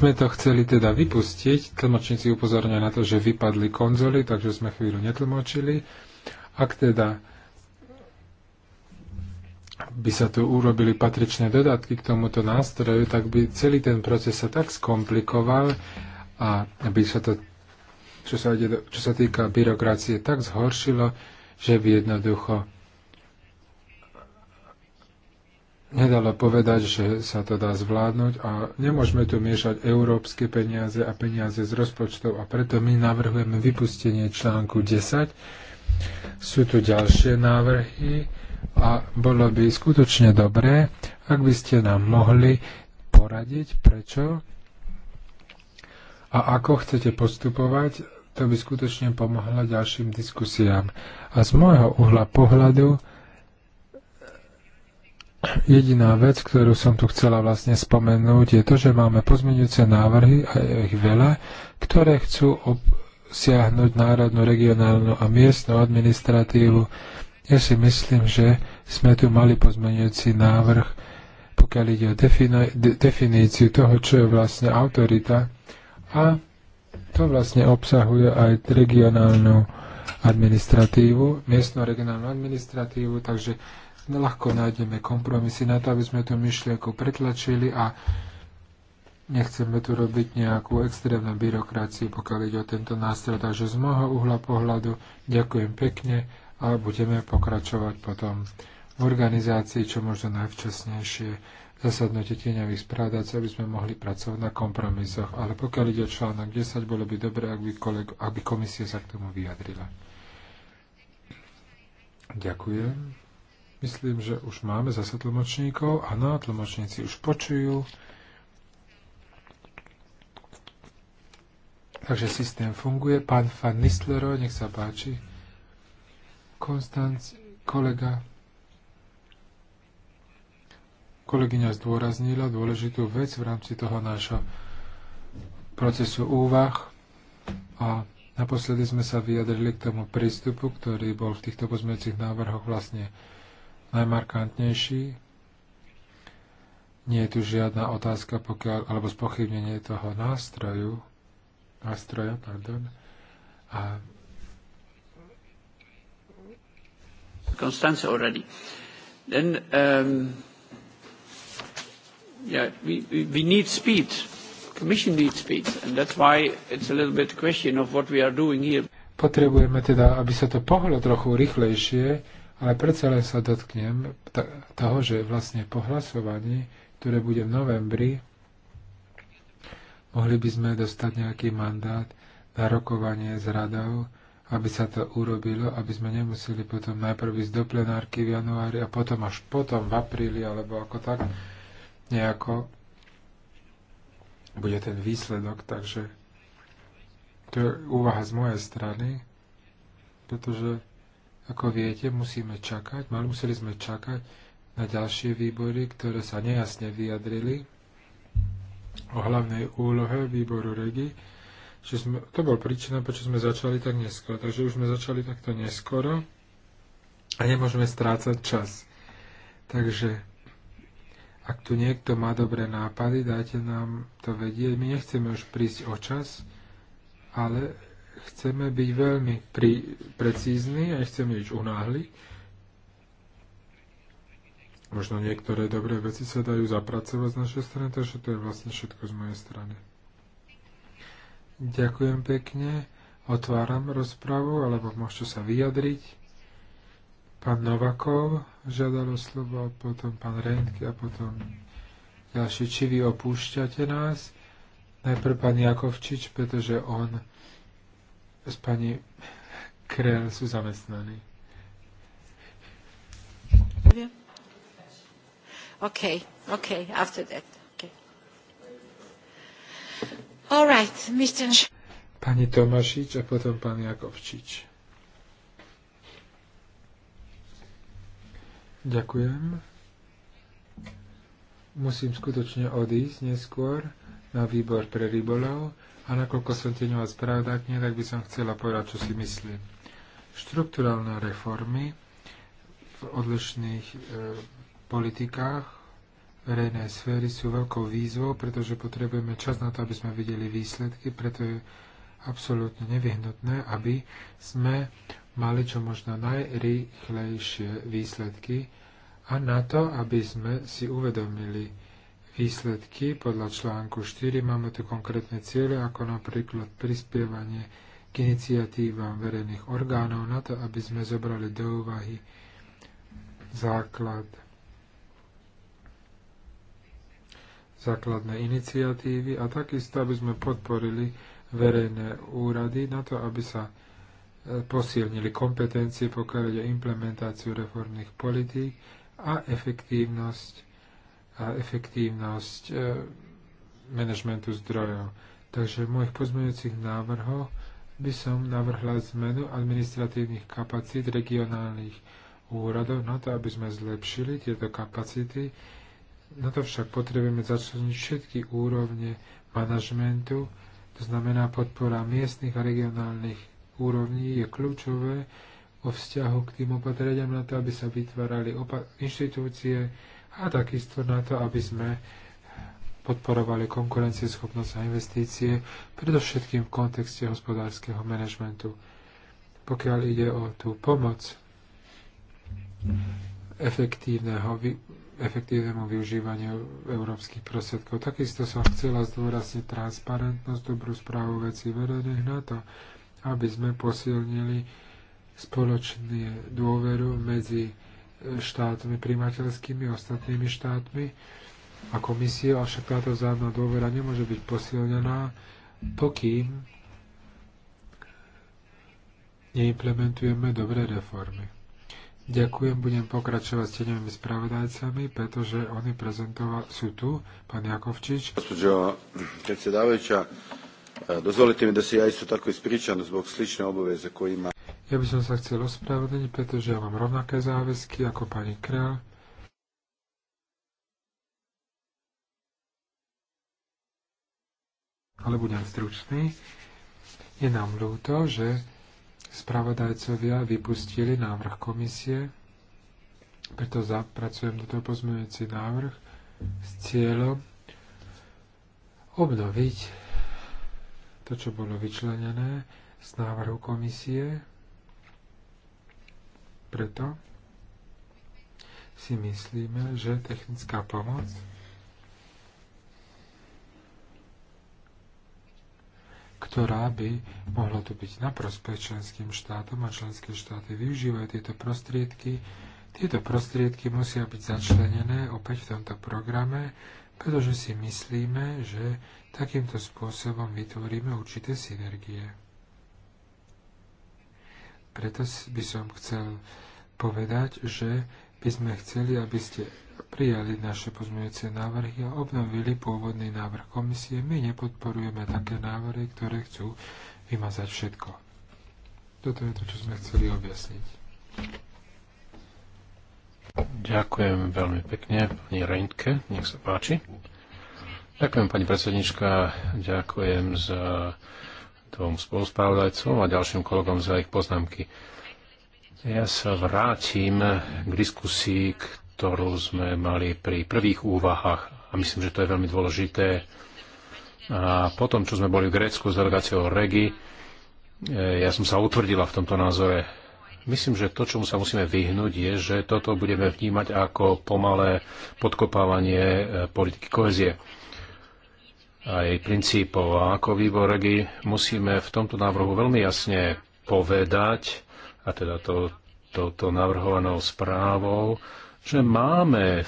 sme to chceli teda vypustiť, tlmočníci upozorňujú na to, že vypadli konzoly, takže sme chvíľu netlmočili. Ak teda by sa tu urobili patričné dodatky k tomuto nástroju, tak by celý ten proces sa tak skomplikoval a by sa to, čo sa, ide, čo sa týka byrokracie, tak zhoršilo, že by jednoducho nedalo povedať, že sa to dá zvládnuť a nemôžeme tu miešať európske peniaze a peniaze z rozpočtov a preto my navrhujeme vypustenie článku 10. Sú tu ďalšie návrhy a bolo by skutočne dobré, ak by ste nám mohli poradiť, prečo a ako chcete postupovať, to by skutočne pomohlo ďalším diskusiám. A z môjho uhla pohľadu Jediná vec, ktorú som tu chcela vlastne spomenúť, je to, že máme pozmeňujúce návrhy, a je ich veľa, ktoré chcú obsiahnuť národnú, regionálnu a miestnu administratívu. Ja si myslím, že sme tu mali pozmeňujúci návrh, pokiaľ ide o de- definíciu toho, čo je vlastne autorita a to vlastne obsahuje aj regionálnu administratívu, miestnu regionálnu administratívu, takže ľahko nájdeme kompromisy na to, aby sme tú myšlienku pretlačili a nechceme tu robiť nejakú extrémnu byrokraciu, pokiaľ ide o tento nástroj. Takže z môjho uhla pohľadu ďakujem pekne a budeme pokračovať potom v organizácii čo možno najvčasnejšie zasadnutie tieňových sprádac, aby sme mohli pracovať na kompromisoch. Ale pokiaľ ide o článok 10, bolo by dobré, ak by, kolego, ak by komisia sa k tomu vyjadrila. Ďakujem. Myslím, že už máme zase tlmočníkov. Áno, tlmočníci už počujú. Takže systém funguje. Pán Fan Nistlero, nech sa páči. Konstanc, kolega. Kolegyňa zdôraznila dôležitú vec v rámci toho nášho procesu úvah a naposledy sme sa vyjadrili k tomu prístupu, ktorý bol v týchto pozmeňujúcich návrhoch vlastne najmarkantnejší. Nie je tu žiadna otázka, pokiaľ, alebo spochybnenie toho nástroju, nástroja, pardon, a Constanza already. Then um, yeah, we, we need speed. Commission needs speed, and that's why it's a little bit question of what we are doing here. Potrebujeme teda, aby sa to pohlo trochu rýchlejšie, ale predsa len sa dotknem toho, že vlastne po hlasovaní, ktoré bude v novembri, mohli by sme dostať nejaký mandát na rokovanie s radou, aby sa to urobilo, aby sme nemuseli potom najprv ísť do plenárky v januári a potom až potom v apríli, alebo ako tak nejako bude ten výsledok. Takže to je úvaha z mojej strany, pretože ako viete, musíme čakať, mali, museli sme čakať na ďalšie výbory, ktoré sa nejasne vyjadrili o hlavnej úlohe výboru REGI. Že sme, to bol príčina, prečo sme začali tak neskoro. Takže už sme začali takto neskoro a nemôžeme strácať čas. Takže ak tu niekto má dobré nápady, dajte nám to vedieť. My nechceme už prísť o čas, ale chceme byť veľmi pri, precízni a nechceme nič unáhli. Možno niektoré dobré veci sa dajú zapracovať z našej strany, takže to je vlastne všetko z mojej strany. Ďakujem pekne. Otváram rozpravu, alebo môžete sa vyjadriť. Pán Novakov o slovo, potom pán Rentke a potom ďalší. Či vy opúšťate nás? Najprv pán Jakovčič, pretože on s pani Krel sú zamestnaní. OK, OK, after that. Okay. All right, Mr. Pani Tomášič a potom pán Jakovčič. Ďakujem. Musím skutočne odísť neskôr na výbor pre rybolov. A nakoľko som teňová spravodajkňa, tak by som chcela povedať, čo si myslím. Štrukturálne reformy v odlišných e, politikách verejnej sféry sú veľkou výzvou, pretože potrebujeme čas na to, aby sme videli výsledky, preto je absolútne nevyhnutné, aby sme mali čo možno najrychlejšie výsledky a na to, aby sme si uvedomili výsledky podľa článku 4. Máme tu konkrétne ciele, ako napríklad prispievanie k iniciatívam verejných orgánov na to, aby sme zobrali do úvahy základ základné iniciatívy a takisto, aby sme podporili verejné úrady na to, aby sa e, posilnili kompetencie, pokiaľ ide o implementáciu reformných politík a efektívnosť a efektívnosť e, manažmentu zdrojov. Takže v mojich pozmeňujúcich návrhoch by som navrhla zmenu administratívnych kapacít regionálnych úradov na to, aby sme zlepšili tieto kapacity. Na to však potrebujeme začleniť všetky úrovne manažmentu, to znamená podpora miestnych a regionálnych úrovní je kľúčové o vzťahu k tým opatreniam na to, aby sa vytvárali inštitúcie, a takisto na to, aby sme podporovali konkurencieschopnosť a investície, predovšetkým v kontexte hospodárskeho manažmentu. Pokiaľ ide o tú pomoc efektívnemu využívaniu európskych prostriedkov. Takisto som chcela zdôrazniť transparentnosť, dobrú správu vecí verejných na to, aby sme posilnili spoločnú dôveru medzi štátmi, primateľskými ostatnými štátmi a Komisie, avšak táto vzájomná dôvera nemôže byť posilnená, pokým neimplementujeme dobré reformy. Ďakujem, budem pokračovať s teňovými spravodajcami, pretože oni prezentovali, sú tu, pán Jakovčič. Gospođo predsjedavajuća, dozvolite mi da si ja isto tako ispričam zbog slične obaveze koji ima. Ja by som sa chcel ospravedlniť, pretože ja mám rovnaké záväzky ako pani kráľ. Ale budem stručný. Je nám ľúto, že spravodajcovia vypustili návrh komisie, preto zapracujem do toho pozmeňujúci návrh s cieľom obnoviť to, čo bolo vyčlenené z návrhu komisie preto si myslíme, že technická pomoc ktorá by mohla tu byť na prospech členským štátom a členské štáty využívajú tieto prostriedky. Tieto prostriedky musia byť začlenené opäť v tomto programe, pretože si myslíme, že takýmto spôsobom vytvoríme určité synergie. Preto by som chcel povedať, že by sme chceli, aby ste prijali naše pozmeňujúce návrhy a obnovili pôvodný návrh komisie. My nepodporujeme také návrhy, ktoré chcú vymazať všetko. Toto je to, čo sme chceli objasniť. Ďakujem veľmi pekne, pani Reintke, nech sa páči. Ďakujem, pani predsednička, ďakujem za tom spoluspravodajcom a ďalším kolegom za ich poznámky. Ja sa vrátim k diskusii, ktorú sme mali pri prvých úvahách a myslím, že to je veľmi dôležité. A potom, čo sme boli v Grécku s delegáciou Regi, e, ja som sa utvrdila v tomto názore. Myslím, že to, čomu sa musíme vyhnúť, je, že toto budeme vnímať ako pomalé podkopávanie e, politiky kohezie aj princípov. A ako výbor regi musíme v tomto návrhu veľmi jasne povedať, a teda to, touto navrhovanou správou, že máme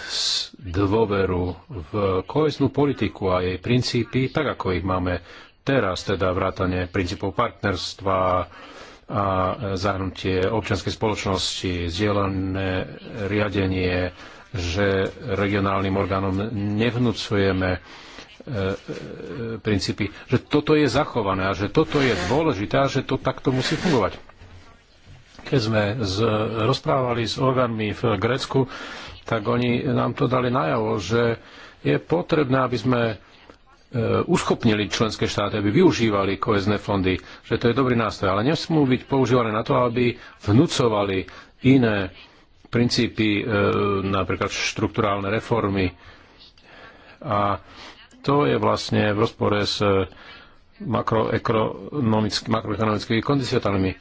dôveru v koheznú politiku a jej princípy, tak ako ich máme teraz, teda vrátanie princípov partnerstva a zahrnutie občianskej spoločnosti, zdieľané riadenie, že regionálnym orgánom nevnúcujeme E, e, princípy, že toto je zachované a že toto je dôležité a že to takto musí fungovať. Keď sme z, rozprávali s orgánmi v Grécku, tak oni nám to dali najavo, že je potrebné, aby sme e, uschopnili členské štáty, aby využívali kohezné fondy, že to je dobrý nástroj, ale nesmú byť používané na to, aby vnúcovali iné princípy, napríklad štruktúrálne reformy. A to je vlastne v rozpore s eh, makroekonomickými kondicionálnymi.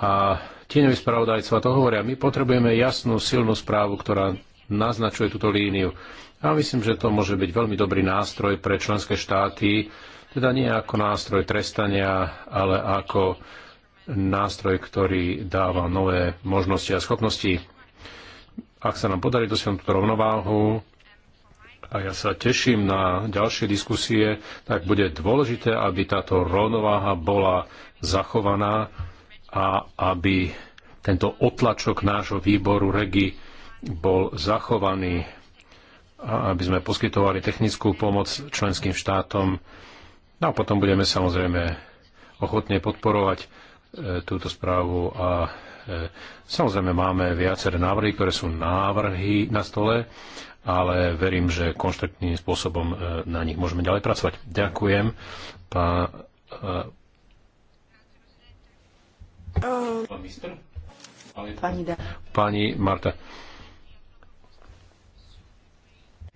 A tieňoví spravodajcova to hovoria, my potrebujeme jasnú, silnú správu, ktorá naznačuje túto líniu. A myslím, že to môže byť veľmi dobrý nástroj pre členské štáty, teda nie ako nástroj trestania, ale ako nástroj, ktorý dáva nové možnosti a schopnosti. Ak sa nám podarí dosiahnuť túto rovnováhu, a ja sa teším na ďalšie diskusie, tak bude dôležité, aby táto rovnováha bola zachovaná a aby tento otlačok nášho výboru REGI bol zachovaný a aby sme poskytovali technickú pomoc členským štátom. No a potom budeme samozrejme ochotne podporovať e, túto správu a e, samozrejme máme viaceré návrhy, ktoré sú návrhy na stole ale verím, že konštruktívnym spôsobom e, na nich môžeme ďalej pracovať. Ďakujem. Pá, e, Pani, Pani Marta.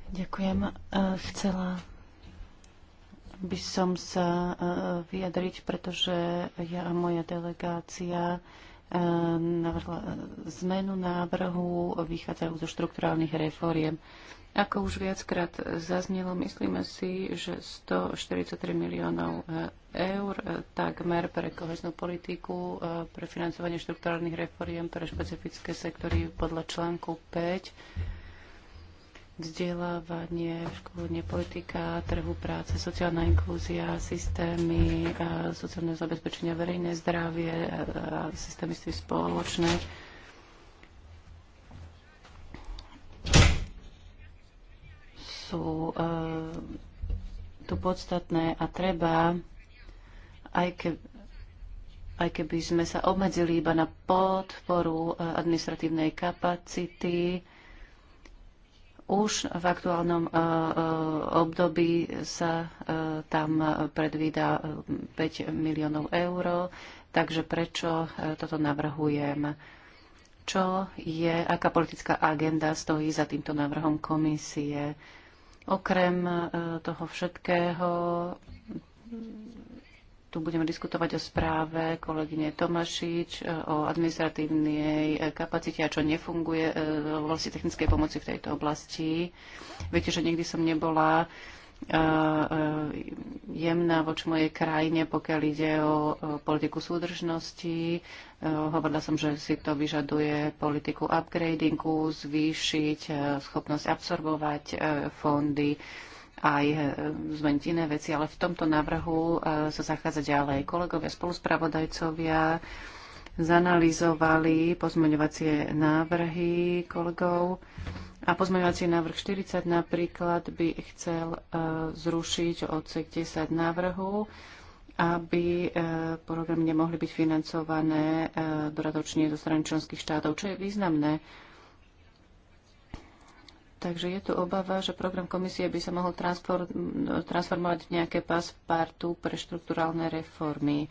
Ďakujem. E, chcela by som sa vyjadriť, pretože ja a moja delegácia Ehm, navrhla ehm, zmenu návrhu vychádzajú zo štrukturálnych refóriem. Ako už viackrát zaznelo, myslíme si, že 143 miliónov eh, eur eh, takmer pre koheznú politiku, eh, pre financovanie štrukturálnych refóriem, pre špecifické sektory podľa článku 5 vzdelávanie, školenie, politika, trhu práce, sociálna inklúzia, systémy sociálneho zabezpečenia, verejné zdravie, systémy spoločné. Sú e, tu podstatné a treba, aj, ke, aj keby sme sa obmedzili iba na podporu e, administratívnej kapacity, už v aktuálnom e, e, období sa e, tam predvída 5 miliónov eur, takže prečo toto navrhujem? Čo je, aká politická agenda stojí za týmto návrhom komisie? Okrem toho všetkého tu budeme diskutovať o správe kolegyne Tomašič, e, o administratívnej e, kapacite a čo nefunguje e, v oblasti technickej pomoci v tejto oblasti. Viete, že nikdy som nebola jemná voč mojej krajine, pokiaľ ide o politiku súdržnosti. Hovorila som, že si to vyžaduje politiku upgradingu, zvýšiť schopnosť absorbovať fondy aj e, zmeniť iné veci, ale v tomto návrhu e, sa zachádza ďalej. Kolegovia spoluspravodajcovia zanalizovali pozmeňovacie návrhy kolegov a pozmeňovací návrh 40 napríklad by chcel e, zrušiť odsek 10 návrhu, aby programy nemohli byť financované doradočne zo strany členských štátov, čo je významné Takže je tu obava, že program komisie by sa mohol transformovať v nejaké paspartu pre štruktúralne reformy.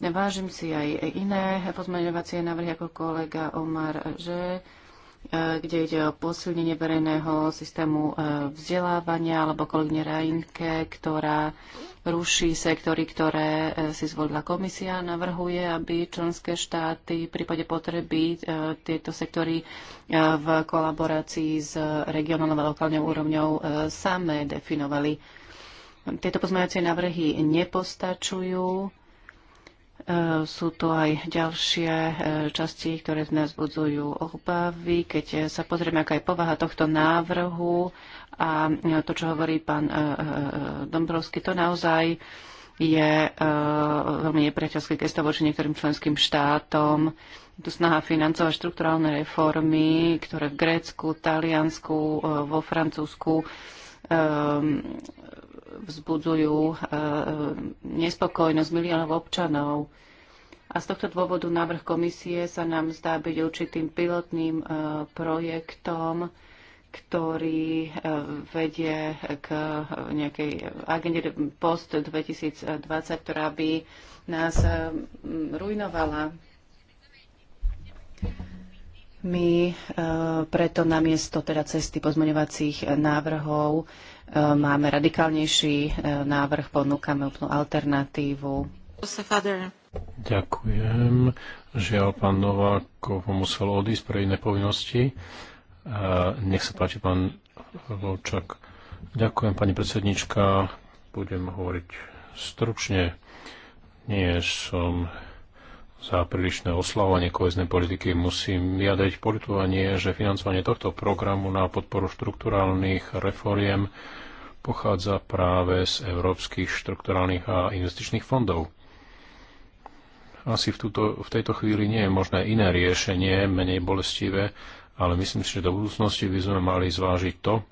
Vážim si aj iné pozmeňovacie návrhy ako kolega Omar, že E, kde ide o posilnenie verejného systému e, vzdelávania, alebo kolegyne Rajinke, ktorá ruší sektory, ktoré e, si zvolila komisia a navrhuje, aby členské štáty v prípade potreby tieto sektory v kolaborácii s regionálnou a lokálnou úrovňou samé definovali. Tieto pozmeňovacie návrhy nepostačujú E, sú tu aj ďalšie e, časti, ktoré z nás budzujú obavy. Keď e, sa pozrieme, aká je povaha tohto návrhu a to, čo hovorí pán Dombrovský, to naozaj je veľmi nepriateľské gesto voči niektorým členským štátom. Tu snaha financovať štrukturálne reformy, ktoré v Grécku, Taliansku, vo Francúzsku vzbudzujú e, nespokojnosť miliónov občanov. A z tohto dôvodu návrh komisie sa nám zdá byť určitým pilotným e, projektom, ktorý e, vedie k nejakej agende post 2020, ktorá by nás ruinovala. My preto namiesto teda cesty pozmeňovacích návrhov máme radikálnejší e, návrh, ponúkame úplnú alternatívu. Ďakujem. Žiaľ, pán Novákov musel odísť pre iné povinnosti. E, nech sa páči, pán Volčak. Ďakujem, pani predsednička. Budem hovoriť stručne. Nie som za prílišné oslavovanie koheznej politiky. Musím vyjadriť politovanie, že financovanie tohto programu na podporu štrukturálnych reforiem pochádza práve z európskych štrukturálnych a investičných fondov. Asi v, túto, v tejto chvíli nie je možné iné riešenie, menej bolestivé, ale myslím si, že do budúcnosti by sme mali zvážiť to,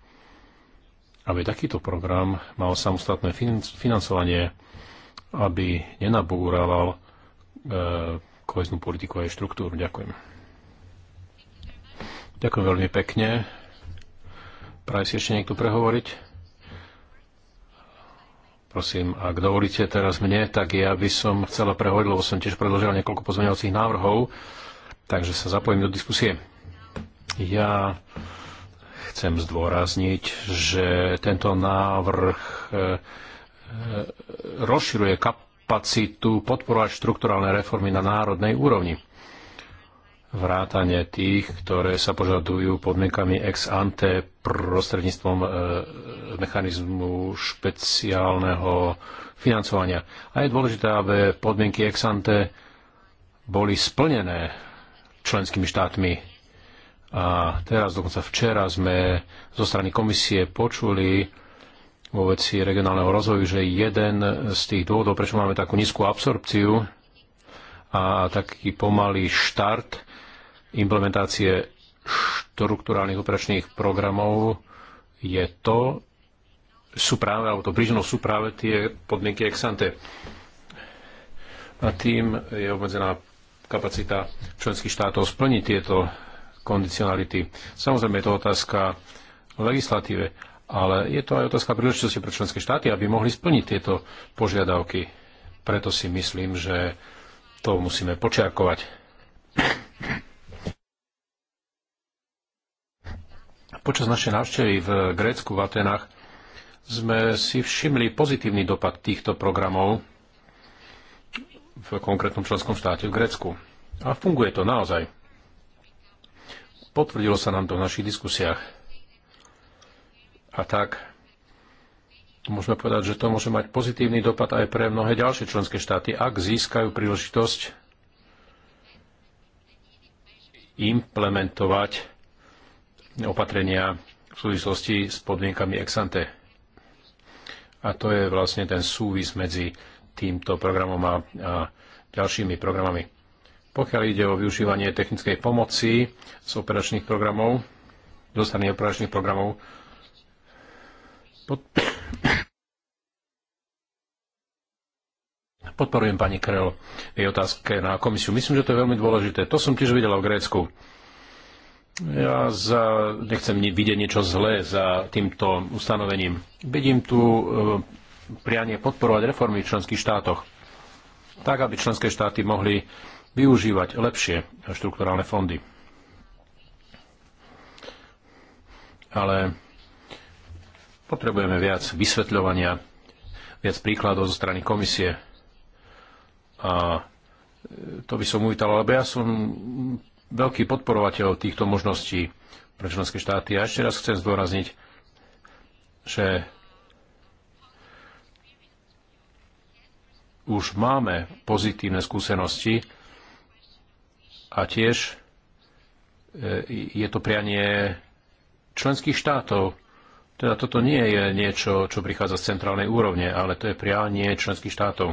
aby takýto program mal samostatné financovanie, aby nenabúraval E, koheznú politiku a jej štruktúru. Ďakujem. Ďakujem veľmi pekne. Praje si ešte niekto prehovoriť? Prosím, ak dovolíte teraz mne, tak ja by som chcela prehovoriť, lebo som tiež predložil niekoľko pozmeňovacích návrhov, takže sa zapojím do diskusie. Ja chcem zdôrazniť, že tento návrh e, e, rozširuje kap- kapacitu podporovať štrukturálne reformy na národnej úrovni. Vrátanie tých, ktoré sa požadujú podmienkami ex ante prostredníctvom e, mechanizmu špeciálneho financovania. A je dôležité, aby podmienky ex ante boli splnené členskými štátmi. A teraz, dokonca včera, sme zo strany komisie počuli, vo veci regionálneho rozvoju, že jeden z tých dôvodov, prečo máme takú nízku absorpciu a taký pomalý štart implementácie štruktúrálnych operačných programov je to, sú práve, alebo to príčinou sú práve tie podmienky ex ante. A tým je obmedzená kapacita členských štátov splniť tieto kondicionality. Samozrejme je to otázka legislatíve, ale je to aj otázka príležitosti pre členské štáty, aby mohli splniť tieto požiadavky. Preto si myslím, že to musíme počiarkovať. Počas našej návštevy v Grécku, v Atenách, sme si všimli pozitívny dopad týchto programov v konkrétnom členskom štáte v Grécku. A funguje to naozaj. Potvrdilo sa nám to v našich diskusiách a tak môžeme povedať, že to môže mať pozitívny dopad aj pre mnohé ďalšie členské štáty, ak získajú príležitosť implementovať opatrenia v súvislosti s podmienkami ex ante. A to je vlastne ten súvis medzi týmto programom a, a ďalšími programami. Pokiaľ ide o využívanie technickej pomoci z operačných programov, zo strany operačných programov, pod... Podporujem pani Krel v jej otázke na komisiu. Myslím, že to je veľmi dôležité. To som tiež videla v Grécku. Ja za, nechcem vidieť niečo zlé za týmto ustanovením. Vidím tu e, prianie podporovať reformy v členských štátoch, tak aby členské štáty mohli využívať lepšie štrukturálne fondy. Ale Potrebujeme viac vysvetľovania, viac príkladov zo strany komisie. A e, to by som uvítal, lebo ja som veľký podporovateľ týchto možností pre členské štáty. A ešte raz chcem zdôrazniť, že už máme pozitívne skúsenosti a tiež e, je to prianie členských štátov teda toto nie je niečo, čo prichádza z centrálnej úrovne, ale to je prianie členských štátov.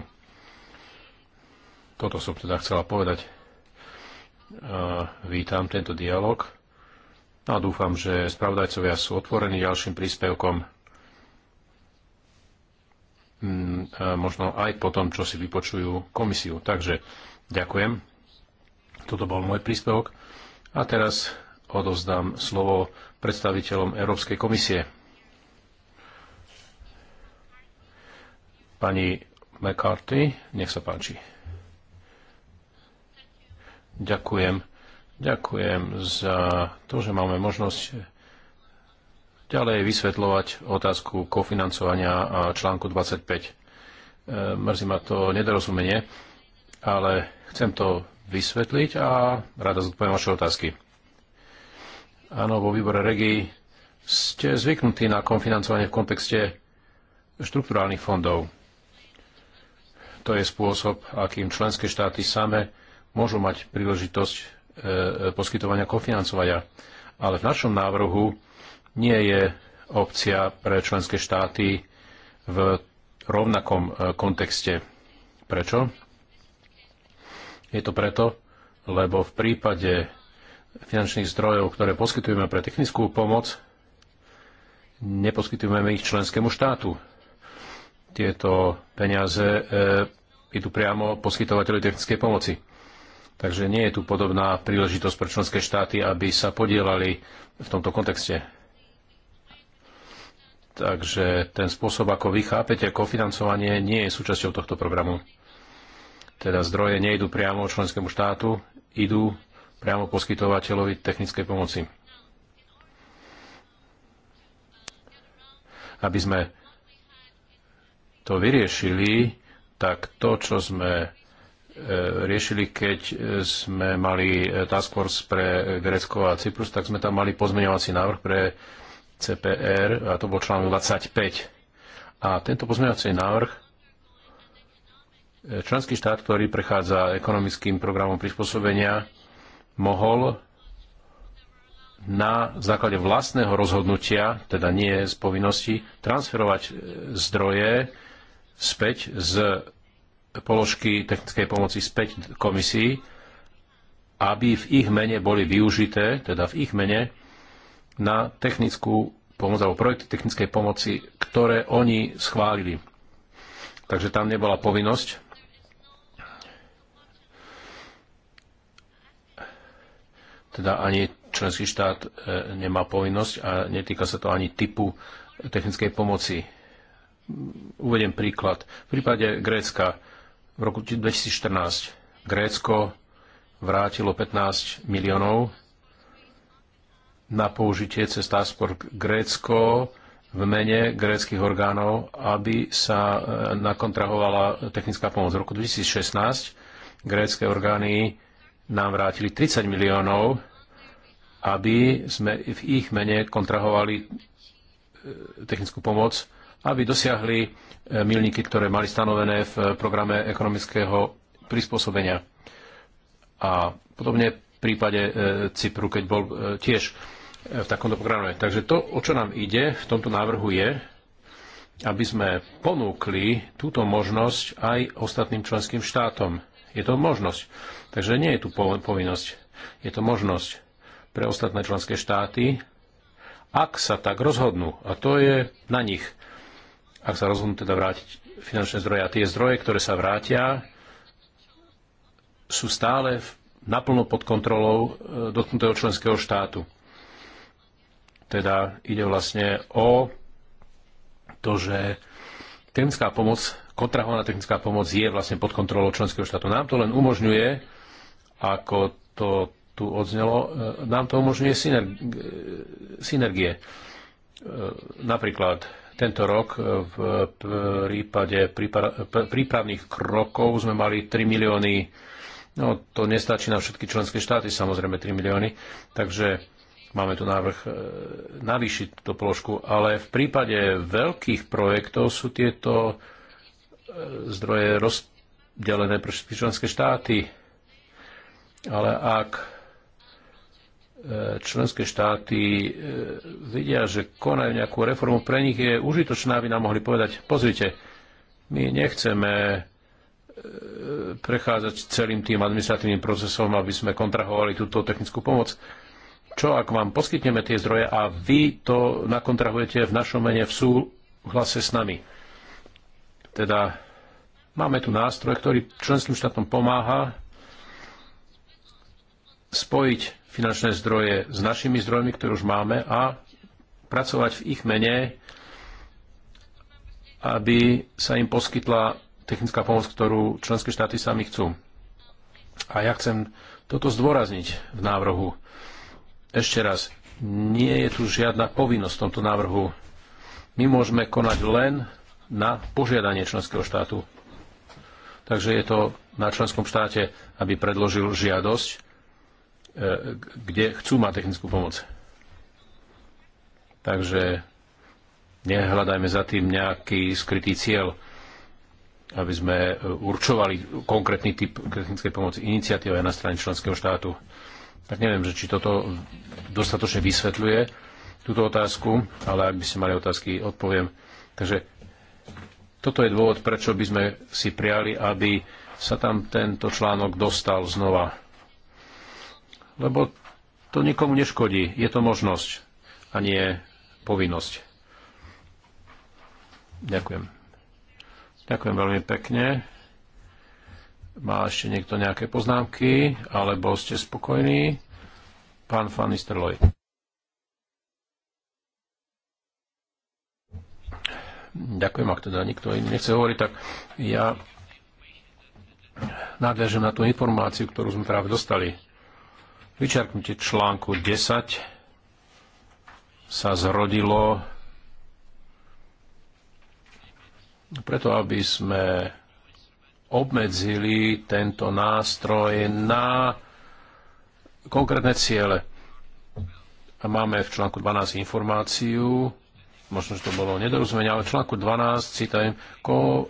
Toto som teda chcela povedať. A vítam tento dialog a dúfam, že spravodajcovia sú otvorení ďalším príspevkom mm, možno aj po tom, čo si vypočujú komisiu. Takže ďakujem. Toto bol môj príspevok. A teraz odovzdám slovo predstaviteľom Európskej komisie. Pani McCarthy, nech sa páči. Ďakujem. Ďakujem za to, že máme možnosť ďalej vysvetľovať otázku kofinancovania a článku 25. E, mrzí ma to nedorozumenie, ale chcem to vysvetliť a rada zodpoviem vaše otázky. Áno, vo výbore regii ste zvyknutí na konfinancovanie v kontexte štruktúrálnych fondov to je spôsob, akým členské štáty same môžu mať príležitosť e, e, poskytovania kofinancovania. Ale v našom návrhu nie je opcia pre členské štáty v rovnakom e, kontexte. Prečo? Je to preto, lebo v prípade finančných zdrojov, ktoré poskytujeme pre technickú pomoc, neposkytujeme ich členskému štátu. Tieto peniaze idú priamo poskytovateľovi technickej pomoci. Takže nie je tu podobná príležitosť pre členské štáty, aby sa podielali v tomto kontexte. Takže ten spôsob, ako vy chápete kofinancovanie, nie je súčasťou tohto programu. Teda zdroje nejdu priamo členskému štátu, idú priamo poskytovateľovi technickej pomoci. Aby sme to vyriešili, tak to, čo sme e, riešili, keď e, sme mali e, task force pre Grécko a Cyprus, tak sme tam mali pozmeňovací návrh pre CPR a to bol článok 25. A tento pozmeňovací návrh členský štát, ktorý prechádza ekonomickým programom prispôsobenia, mohol na základe vlastného rozhodnutia, teda nie z povinnosti, transferovať zdroje späť z položky technickej pomoci späť komisii, aby v ich mene boli využité, teda v ich mene, na technickú pomoc alebo projekty technickej pomoci, ktoré oni schválili. Takže tam nebola povinnosť. Teda ani členský štát e, nemá povinnosť a netýka sa to ani typu technickej pomoci Uvediem príklad. V prípade Grécka v roku 2014 Grécko vrátilo 15 miliónov na použitie cez Taspor Grécko v mene gréckých orgánov, aby sa e, nakontrahovala technická pomoc. V roku 2016 grécké orgány nám vrátili 30 miliónov, aby sme v ich mene kontrahovali e, technickú pomoc aby dosiahli e, milníky, ktoré mali stanovené v e, programe ekonomického prispôsobenia. A podobne v prípade e, Cypru, keď bol tiež v takomto programe. Takže to, o čo nám ide v tomto návrhu je, aby sme ponúkli túto možnosť aj ostatným členským štátom. Je to možnosť. Takže nie je tu povinnosť. Je to možnosť pre ostatné členské štáty, ak sa tak rozhodnú. A to je na nich ak sa rozhodnú teda vrátiť finančné zdroje. A tie zdroje, ktoré sa vrátia, sú stále naplno pod kontrolou e, dotknutého členského štátu. Teda ide vlastne o to, že technická pomoc, kontrahovaná technická pomoc je vlastne pod kontrolou členského štátu. Nám to len umožňuje, ako to tu odznelo, e, nám to umožňuje e, synergie. Napríklad tento rok e, v prípade prípravných krokov sme mali 3 milióny, no to nestačí na všetky členské štáty, samozrejme 3 milióny, takže máme tu návrh e, navýšiť túto položku, ale v prípade veľkých projektov sú tieto e, zdroje rozdelené pre všetky členské štáty. Ale ak členské štáty e, vidia, že konajú nejakú reformu, pre nich je užitočná, aby nám mohli povedať, pozrite, my nechceme e, prechádzať celým tým administratívnym procesom, aby sme kontrahovali túto technickú pomoc. Čo ak vám poskytneme tie zdroje a vy to nakontrahujete v našom mene v súhlase s nami? Teda máme tu nástroj, ktorý členským štátom pomáha spojiť finančné zdroje s našimi zdrojmi, ktoré už máme a pracovať v ich mene, aby sa im poskytla technická pomoc, ktorú členské štáty sami chcú. A ja chcem toto zdôrazniť v návrhu. Ešte raz, nie je tu žiadna povinnosť v tomto návrhu. My môžeme konať len na požiadanie členského štátu. Takže je to na členskom štáte, aby predložil žiadosť E, kde chcú mať technickú pomoc. Takže nehľadajme za tým nejaký skrytý cieľ, aby sme e, určovali konkrétny typ technickej pomoci. Iniciatíva na strane členského štátu. Tak neviem, že či toto dostatočne vysvetľuje túto otázku, ale ak by ste mali otázky, odpoviem. Takže toto je dôvod, prečo by sme si prijali, aby sa tam tento článok dostal znova lebo to nikomu neškodí. Je to možnosť a nie povinnosť. Ďakujem. Ďakujem veľmi pekne. Má ešte niekto nejaké poznámky, alebo ste spokojní? Pán Fanisterloj. Ďakujem, ak teda nikto iný nechce hovoriť, tak ja nadviažem na tú informáciu, ktorú sme práve dostali vyčerknutie článku 10 sa zrodilo preto, aby sme obmedzili tento nástroj na konkrétne ciele. A máme v článku 12 informáciu, možno, že to bolo nedorozumenie, ale v článku 12 citujem, ko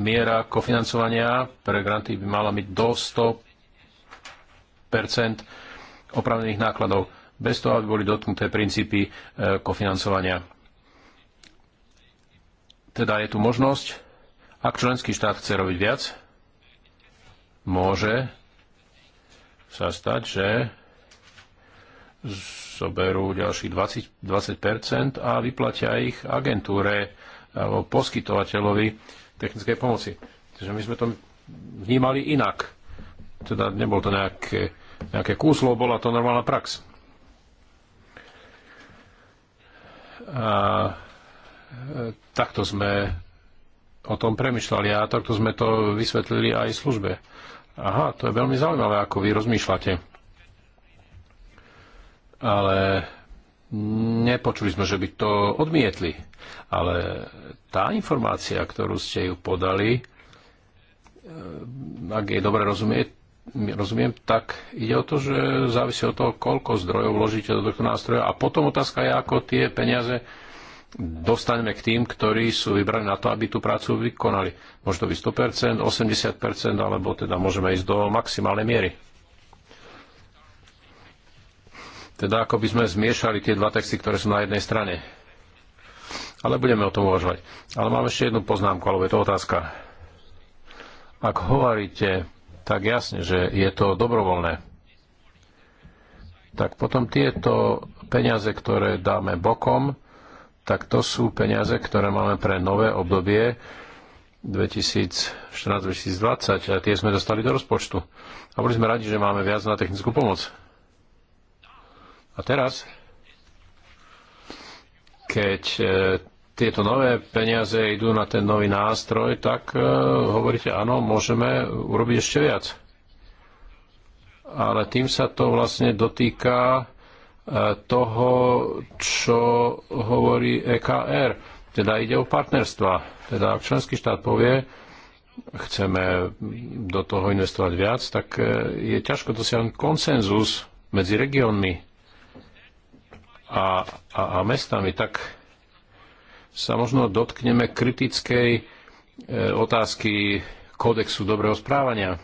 miera kofinancovania pre granty by mala byť do percent opravnených nákladov, bez toho, aby boli dotknuté princípy e, kofinancovania. Teda je tu možnosť, ak členský štát chce robiť viac, môže sa stať, že zoberú ďalších 20, 20% a vyplatia ich agentúre alebo poskytovateľovi technickej pomoci. Takže my sme to vnímali inak teda nebol to nejaké, nejaké kúslo, bola to normálna prax. A e, takto sme o tom premyšľali a takto sme to vysvetlili aj službe. Aha, to je veľmi zaujímavé, ako vy rozmýšľate. Ale nepočuli sme, že by to odmietli. Ale tá informácia, ktorú ste ju podali, e, ak je dobre rozumieť, rozumiem, tak ide o to, že závisí od toho, koľko zdrojov vložíte do tohto nástroja a potom otázka je, ako tie peniaze dostaneme k tým, ktorí sú vybraní na to, aby tú prácu vykonali. Môže to byť 100%, 80%, alebo teda môžeme ísť do maximálnej miery. Teda ako by sme zmiešali tie dva texty, ktoré sú na jednej strane. Ale budeme o tom uvažovať. Ale mám ešte jednu poznámku, alebo je to otázka. Ak hovoríte tak jasne, že je to dobrovoľné. Tak potom tieto peniaze, ktoré dáme bokom, tak to sú peniaze, ktoré máme pre nové obdobie 2014-2020 a tie sme dostali do rozpočtu. A boli sme radi, že máme viac na technickú pomoc. A teraz, keď e, tieto nové peniaze idú na ten nový nástroj, tak e, hovoríte, áno, môžeme urobiť ešte viac. Ale tým sa to vlastne dotýka e, toho, čo hovorí EKR. Teda ide o partnerstva. Teda ak členský štát povie, chceme do toho investovať viac, tak e, je ťažko dosiahnuť konsenzus medzi regiónmi a, a, a mestami. Tak sa možno dotkneme kritickej e, otázky kódexu dobrého správania.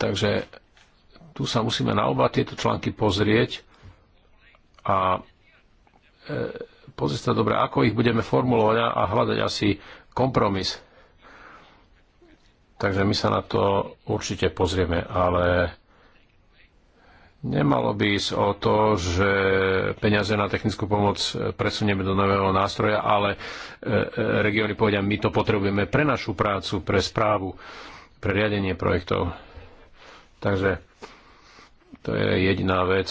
Takže tu sa musíme na oba tieto články pozrieť a e, pozrieť sa dobre, ako ich budeme formulovať a hľadať asi kompromis. Takže my sa na to určite pozrieme, ale Nemalo by ísť o to, že peniaze na technickú pomoc presunieme do nového nástroja, ale e, e, regióny povedia, my to potrebujeme pre našu prácu, pre správu, pre riadenie projektov. Takže to je jediná vec,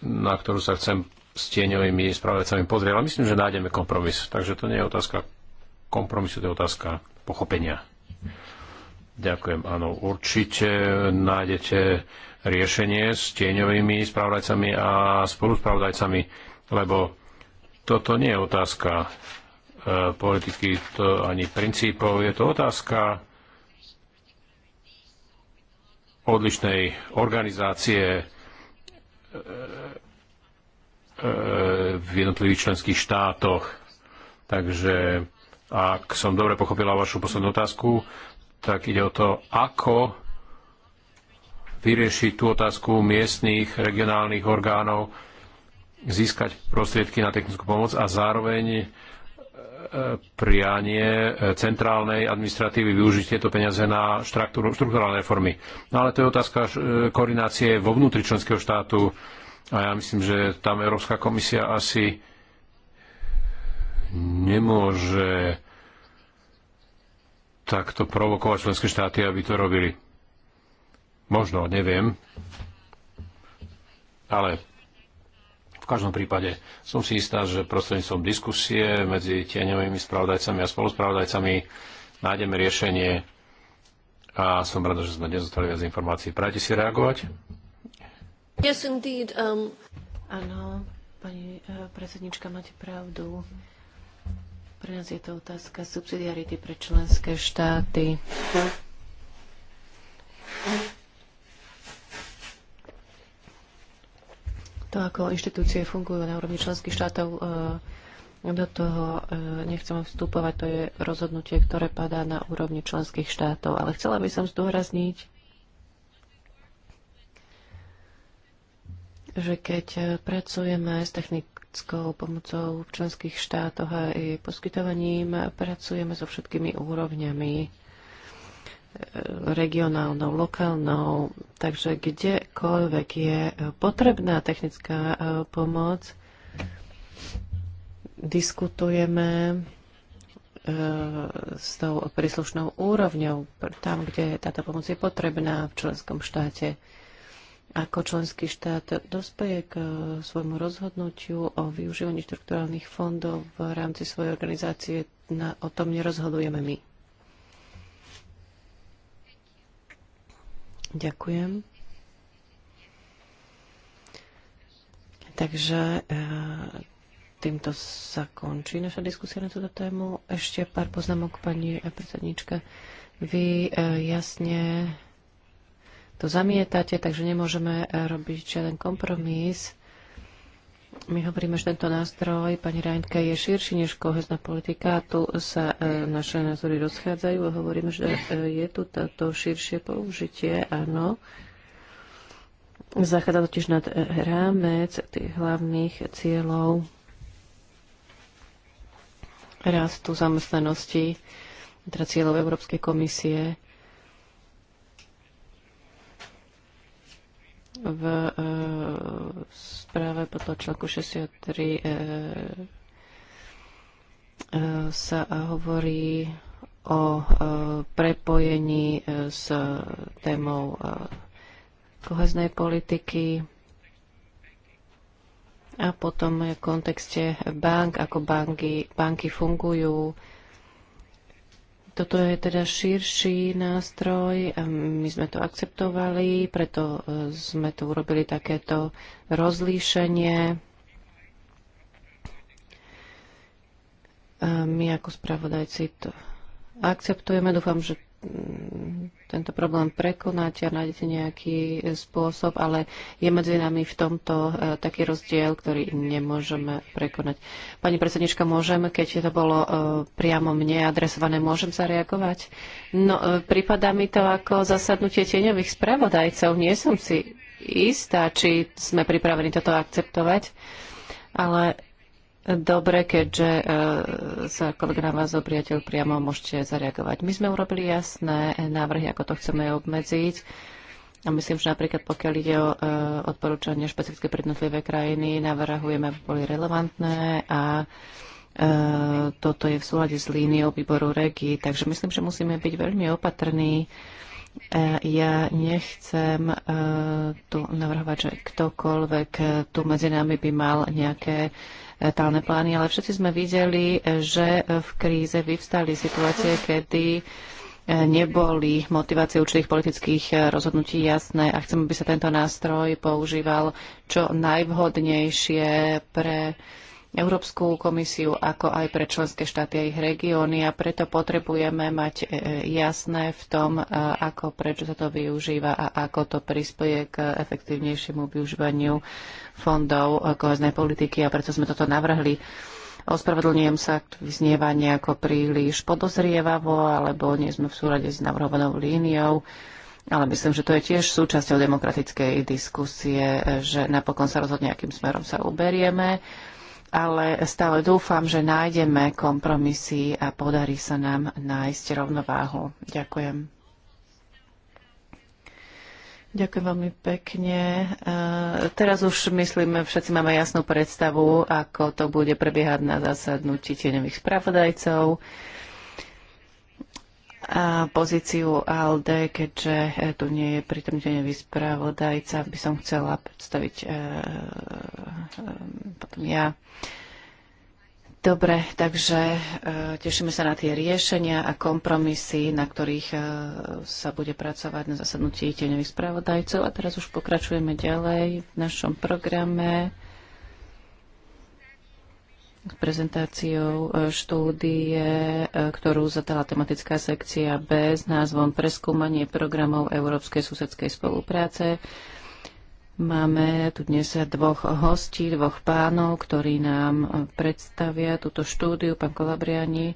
na ktorú sa chcem s tieňovými správecami pozrieť. Ale myslím, že nájdeme kompromis. Takže to nie je otázka kompromisu, to je otázka pochopenia. Ďakujem, áno, určite nájdete riešenie s tieňovými spravodajcami a spoluspravodajcami, lebo toto nie je otázka e, politiky to ani princípov, je to otázka odlišnej organizácie e, e, v jednotlivých členských štátoch. Takže ak som dobre pochopila vašu poslednú otázku, tak ide o to, ako vyriešiť tú otázku miestných, regionálnych orgánov, získať prostriedky na technickú pomoc a zároveň e, prianie e, centrálnej administratívy využiť tieto peniaze na štruktúrálne reformy. No ale to je otázka e, koordinácie vo vnútri členského štátu a ja myslím, že tam Európska komisia asi nemôže takto provokovať členské štáty, aby to robili. Možno, neviem. Ale v každom prípade som si istá, že prostredníctvom diskusie medzi tieňovými spravodajcami a spoluspravodajcami nájdeme riešenie a som rada, že sme nezostali viac informácií. Prajte si reagovať? Yes, indeed. Um... Áno, pani eh, predsednička, máte pravdu. Pre nás je to otázka subsidiarity pre členské štáty. to, ako inštitúcie fungujú na úrovni členských štátov, e, do toho e, nechcem vstupovať, to je rozhodnutie, ktoré padá na úrovni členských štátov. Ale chcela by som zdôrazniť, že keď e, pracujeme s technickou pomocou v členských štátoch a jej poskytovaním, pracujeme so všetkými úrovňami regionálnou, lokálnou. Takže kdekoľvek je potrebná technická e, pomoc, diskutujeme e, s tou príslušnou úrovňou, tam, kde táto pomoc je potrebná v členskom štáte. Ako členský štát dospeje k e, svojmu rozhodnutiu o využívaní štrukturálnych fondov v rámci svojej organizácie, na, o tom nerozhodujeme my. Ďakujem. Takže e, týmto sa končí naša diskusia na túto tému. Ešte pár poznámok pani predsednička. Vy e, jasne to zamietate, takže nemôžeme robiť žiaden kompromis. My hovoríme, že tento nástroj, pani Rajnka, je širší než kohezná politika a tu sa e, naše názory rozchádzajú a hovoríme, že e, je tu toto širšie použitie, áno. Zachádza totiž nad e, rámec tých hlavných cieľov rastu zamestnanosti, teda cieľov Európskej komisie v e, správe podľa článku 63 e, e, sa hovorí o prepojení s témou koheznej politiky a potom v kontexte bank, ako banky, banky fungujú, toto je teda širší nástroj, my sme to akceptovali, preto e, sme tu urobili takéto rozlíšenie. My ako spravodajci to akceptujeme. Dúfam, že Mm, tento problém prekonať a nájdete nejaký e, spôsob, ale je medzi nami v tomto e, taký rozdiel, ktorý nemôžeme prekonať. Pani predsednička, môžem, keď to bolo e, priamo mne adresované, môžem zareagovať? No, prípada mi to ako zasadnutie tieňových spravodajcov. Nie som si istá, či sme pripravení toto akceptovať, ale Dobre, keďže e, sa kolega na vás obriateľ priamo, môžete zareagovať. My sme urobili jasné návrhy, ako to chceme obmedziť. A myslím, že napríklad pokiaľ ide o e, odporúčanie špecifické prednotlivé krajiny, navrhujeme, aby boli relevantné a e, toto je v súlade s líniou výboru REGI. Takže myslím, že musíme byť veľmi opatrní. Ja nechcem tu navrhovať, že ktokoľvek tu medzi nami by mal nejaké tálne plány, ale všetci sme videli, že v kríze vyvstali situácie, kedy eh, neboli motivácie určitých politických eh, rozhodnutí jasné a chcem, aby sa tento nástroj používal čo najvhodnejšie pre Európsku komisiu, ako aj pre členské štáty a ich regióny a preto potrebujeme mať e, e, jasné v tom, e, ako prečo sa to využíva a ako to prispieje k efektívnejšiemu využívaniu fondov koheznej politiky a preto sme toto navrhli. Ospravedlňujem sa, ak vyznieva nejako príliš podozrievavo, alebo nie sme v súrade s navrhovanou líniou. Ale myslím, že to je tiež súčasťou demokratickej diskusie, že napokon sa rozhodne, akým smerom sa uberieme ale stále dúfam, že nájdeme kompromisy a podarí sa nám nájsť rovnováhu. Ďakujem. Ďakujem veľmi pekne. E, teraz už myslím, všetci máme jasnú predstavu, ako to bude prebiehať na zasadnutí tieňových spravodajcov pozíciu ALD, keďže e, tu nie je pritom vyspravodajca, by som chcela predstaviť e, e, potom ja. Dobre, takže tešíme sa na tie riešenia a kompromisy, na ktorých sa bude pracovať na zasadnutí tieňových spravodajcov. A teraz už pokračujeme ďalej v našom programe prezentáciou e, štúdie, e, ktorú zadala tematická sekcia B s názvom Preskúmanie programov Európskej susedskej spolupráce. Máme tu dnes dvoch hostí, dvoch pánov, ktorí nám predstavia túto štúdiu, pán Kolabriani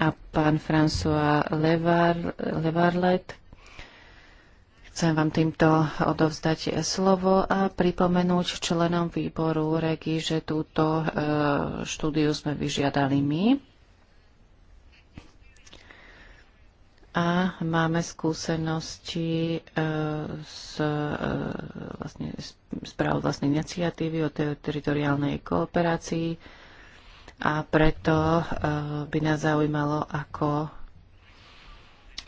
a pán François Levar, Levarlet. Chcem vám týmto odovzdať slovo a pripomenúť členom výboru REGI, že túto e, štúdiu sme vyžiadali my. A máme skúsenosti e, s, e, vlastne, správ vlastnej iniciatívy o teritoriálnej kooperácii a preto by nás zaujímalo, ako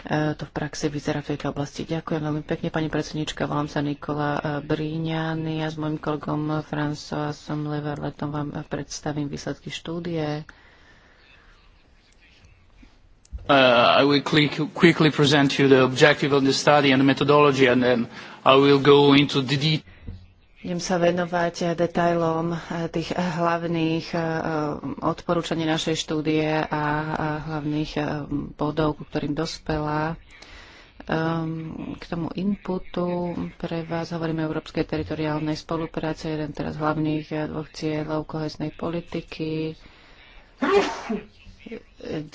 E, to v praxi vyzerá v tejto oblasti. Ďakujem veľmi pekne, pani predsednička. Volám sa Nikola e, Bríňany a s môjim kolegom Françoisom Leverletom vám predstavím výsledky štúdie. Uh, I will quick, quickly present you the objective of the study and the methodology, and then I will go into the details. Budem sa venovať detailom eh, tých eh, hlavných eh, odporúčaní našej štúdie a hlavných bodov, ku ktorým dospela. Ehm, k tomu inputu pre vás hovoríme o európskej teritoriálnej spolupráce, jeden teraz hlavných dvoch cieľov kohesnej politiky 10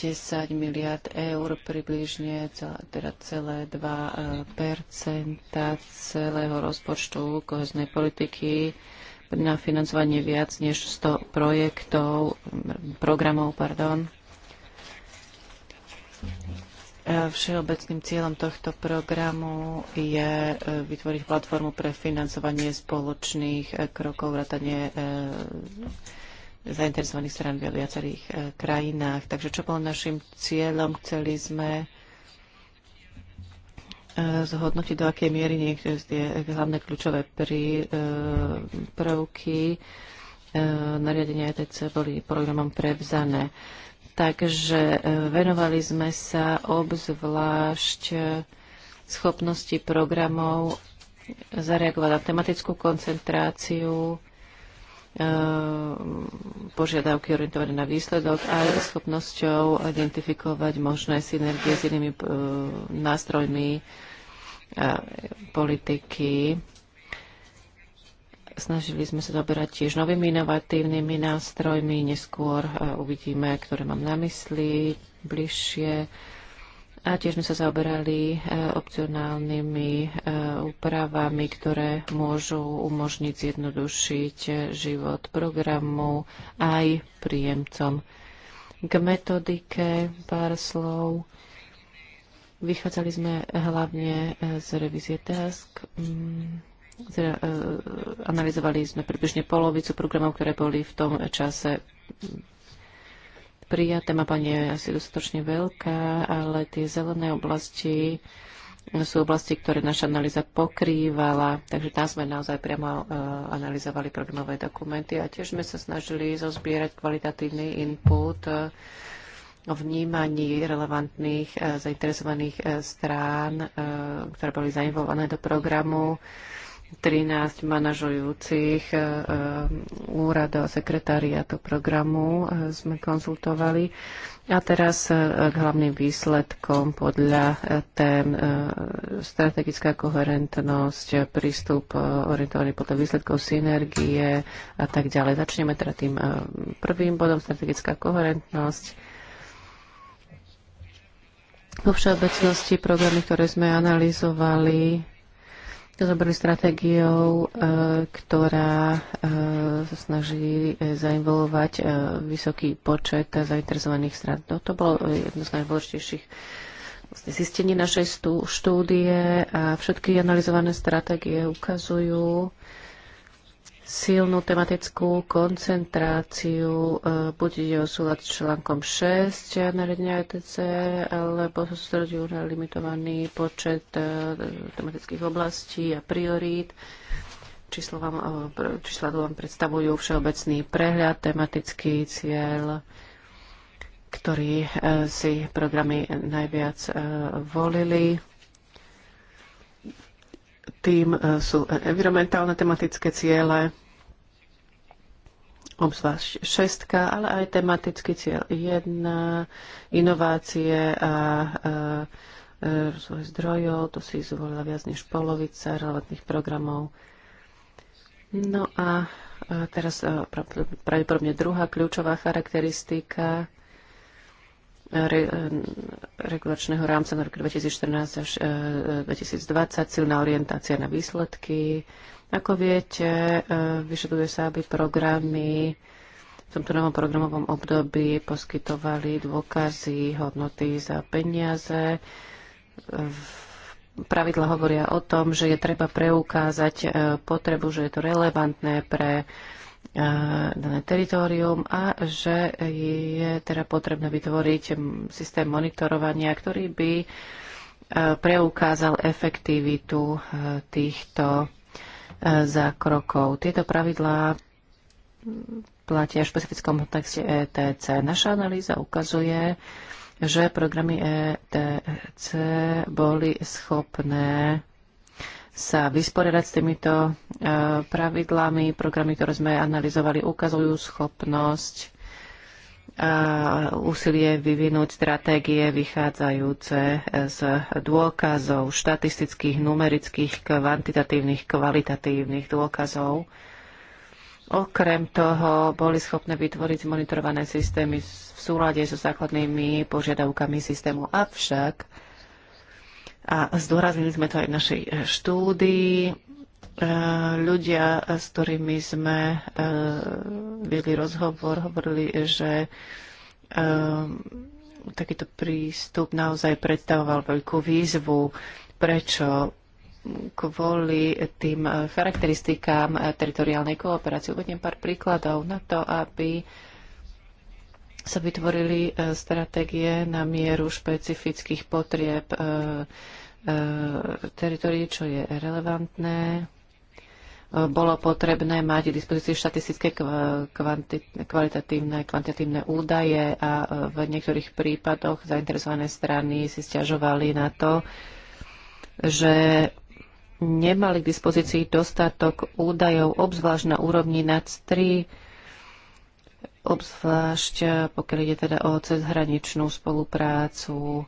miliard eur približne, teda celé 2 e, celého rozpočtu koheznej politiky na financovanie viac než 100 projektov, programov, pardon. E, všeobecným cieľom tohto programu je e, vytvoriť platformu pre financovanie spoločných krokov, vrátanie zainteresovaných stran v viacerých e, krajinách. Takže čo bol našim cieľom? Chceli sme e, zhodnotiť, do akej miery niektoré z tie hlavné kľúčové prí, e, prvky nariadenia ETC boli programom prevzané. Takže venovali sme sa obzvlášť schopnosti programov zareagovať na tematickú koncentráciu, Ehm, požiadavky orientované na výsledok aj schopnosťou identifikovať možné synergie s inými ehm, nástrojmi ehm, politiky. Snažili sme sa zaberať tiež novými inovatívnymi nástrojmi. Neskôr uvidíme, ktoré mám na mysli bližšie. A tiež sme sa zaoberali e, opcionálnymi e, úpravami, ktoré môžu umožniť zjednodušiť život programu aj príjemcom. K metodike pár slov. Vychádzali sme hlavne e, z revízie task. Analizovali mm, analyzovali sme približne polovicu programov, ktoré boli v tom čase prijaté. Mapa nie je asi dostatočne veľká, ale tie zelené oblasti sú oblasti, ktoré naša analýza pokrývala, takže tam sme naozaj priamo uh, analyzovali programové dokumenty a tiež sme sa snažili zozbierať kvalitatívny input e, o vnímaní relevantných uh, zainteresovaných strán, ktoré boli zainvolované do programu. Uh, 13 manažujúcich e, e, úradov a sekretariatu programu e, sme konzultovali. A teraz k hlavným výsledkom podľa tém strategická koherentnosť, prístup orientovaný podľa výsledkov synergie a tak ďalej. Začneme teda tým prvým bodom, strategická koherentnosť. Vo všeobecnosti programy, ktoré sme analyzovali, to stratégiou, e, ktorá e, sa snaží e, zainvolovať vysoký počet zainteresovaných strán. No, to bolo jedno z najdôležitejších vlastne, zistení našej štúdie a všetky analyzované stratégie ukazujú, silnú tematickú koncentráciu, e, buď ide o súľad s článkom 6 nariadenia ETC, alebo sa sústredujú na limitovaný počet e, tematických oblastí a priorít. Číslo vám, e, čísla vám predstavujú všeobecný prehľad, tematický cieľ, ktorý si programy najviac volili tým e, sú environmentálne tematické ciele, obzvlášť šestka, ale aj tematický cieľ jedna, inovácie a, e, e, rozvoj zdrojov, to si zvolila viac než polovica relevantných programov. No a teraz pravdepodobne druhá kľúčová charakteristika re, regulačného rámca na roku 2014 až 2020, e, silná orientácia na výsledky. Ako viete, e, vyžaduje sa, aby programy v tomto novom programovom období poskytovali dôkazy hodnoty za peniaze. Pravidla hovoria o tom, že je treba preukázať e, potrebu, že je to relevantné pre dané teritorium a že je teda potrebné vytvoriť systém monitorovania, ktorý by e, preukázal efektivitu e, týchto e, zákrokov. Tieto pravidlá platia v špecifickom kontexte ETC. Naša analýza ukazuje, že programy ETC boli schopné sa vysporiadať s týmito e, pravidlami. Programy, ktoré sme analyzovali, ukazujú schopnosť a e, úsilie vyvinúť stratégie vychádzajúce e, z dôkazov, štatistických, numerických, kvantitatívnych, kvalitatívnych dôkazov. Okrem toho boli schopné vytvoriť monitorované systémy v súlade so základnými požiadavkami systému, avšak a zdôraznili sme to aj v našej e, štúdii. E, ľudia, s ktorými sme e, viedli rozhovor, hovorili, že takýto prístup naozaj predstavoval veľkú výzvu. Prečo? kvôli tým charakteristikám teritoriálnej kooperácie. Uvediem pár príkladov na to, aby sa vytvorili e, stratégie na mieru špecifických potrieb e, e, teritorií, čo je relevantné. Bolo potrebné mať k dispozícii štatistické kvalitatívne, kvantitatívne údaje a v niektorých prípadoch zainteresované strany si stiažovali na to, že nemali k dispozícii dostatok údajov, obzvlášť na úrovni NAC 3, obzvlášť eh, pokiaľ ide teda o cezhraničnú spoluprácu.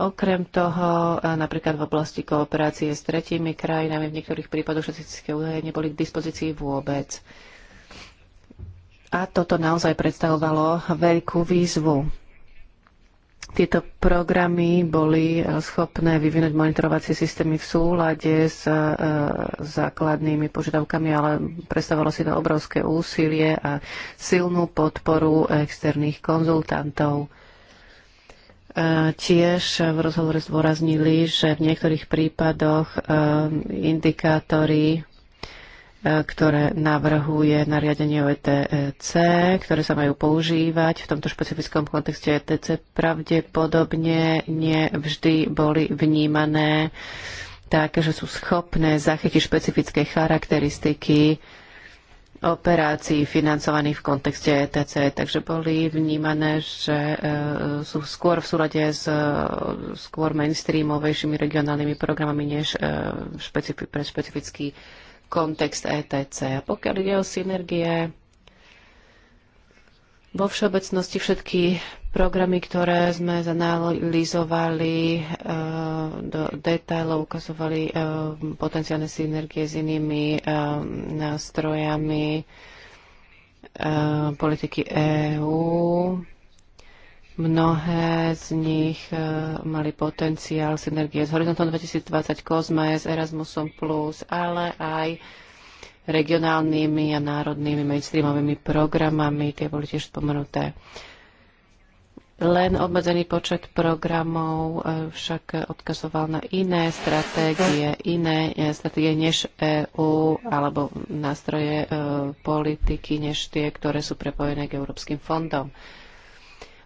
Okrem toho, eh, napríklad v oblasti kooperácie s tretími krajinami, v niektorých prípadoch štatistické údaje neboli k dispozícii vôbec. A toto naozaj predstavovalo veľkú výzvu. Tieto programy boli eh, schopné vyvinúť monitorovacie systémy v súlade s eh, základnými požiadavkami, ale predstavovalo si to obrovské úsilie a silnú podporu externých konzultantov. Eh, tiež v rozhovore zdôraznili, že v niektorých prípadoch indikátory ktoré navrhuje nariadenie OETC, ETC, ktoré sa majú používať v tomto špecifickom kontexte ETC, pravdepodobne nevždy boli vnímané tak, že sú schopné zachytiť špecifické charakteristiky operácií financovaných v kontexte ETC, takže boli vnímané, že e, sú skôr v súlade s skôr mainstreamovejšími regionálnymi programami než e, špecifi- pre špecifický kontext ETC. A pokiaľ ide o synergie, vo všeobecnosti všetky programy, ktoré sme zanalizovali e, do detailov, ukazovali e, potenciálne synergie s inými e, nástrojami politiky EÚ. Mnohé z nich e, mali potenciál synergie s Horizontom 2020, COSME, s Erasmusom+, ale aj regionálnymi a národnými mainstreamovými programami, tie boli tiež spomenuté. Len obmedzený počet programov e, však odkazoval na iné stratégie, iné e, stratégie než EÚ alebo nástroje e, politiky než tie, ktoré sú prepojené k európskym fondom.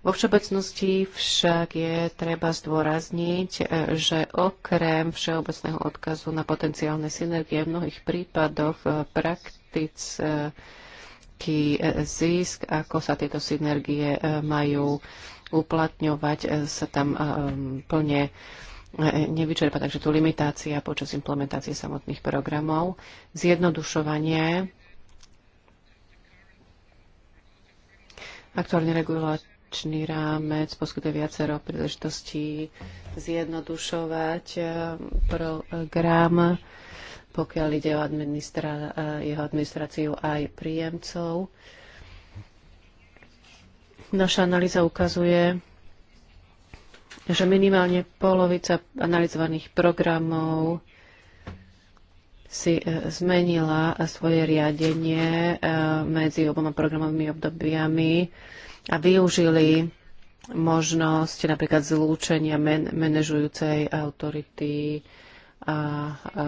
Vo všeobecnosti však je treba zdôrazniť, e, že okrem všeobecného odkazu na potenciálne synergie v mnohých prípadoch e, praktický e, zisk, ako sa tieto synergie majú uplatňovať, sa tam plne nevyčerpa. Takže tu limitácia počas implementácie samotných programov, zjednodušovanie, aktuálne regulovať regulačný rámec poskytuje viacero príležitostí zjednodušovať eh, program, pokiaľ ide o administra- eh, jeho administráciu aj príjemcov. Naša analýza ukazuje, že minimálne polovica analyzovaných programov si e, zmenila svoje riadenie e, medzi oboma programovými obdobiami a využili možnosť napríklad zlúčenia men- manažujúcej autority a e,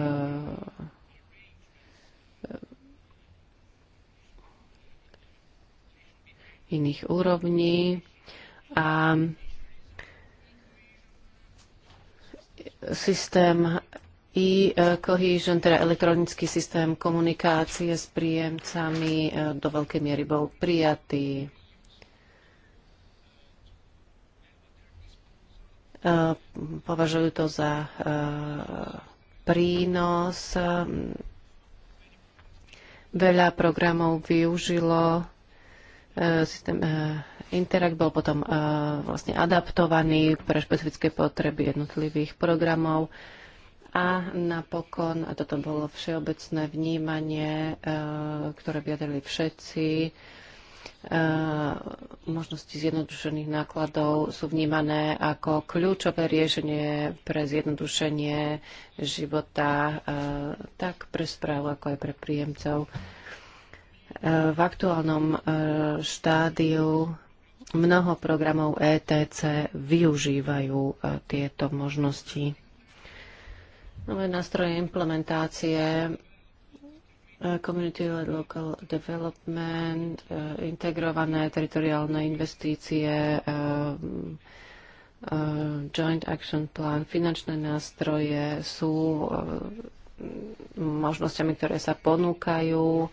iných úrovní a systém i Cohesion, e, teda elektronický systém komunikácie s príjemcami, e, do veľkej miery bol prijatý. E, považujú to za prínos. Veľa programov využilo systém Interact bol potom vlastne adaptovaný pre špecifické potreby jednotlivých programov. A napokon, a toto bolo všeobecné vnímanie, e, ktoré vyjadrili všetci, e, možnosti zjednodušených nákladov sú vnímané ako kľúčové riešenie pre zjednodušenie života e, tak pre správu, ako aj pre príjemcov. V aktuálnom štádiu mnoho programov ETC využívajú tieto možnosti nové nástroje implementácie, eh, community local development, eh, integrované teritoriálne investície, eh, joint action plan, finančné nástroje sú možnosťami, ktoré sa ponúkajú.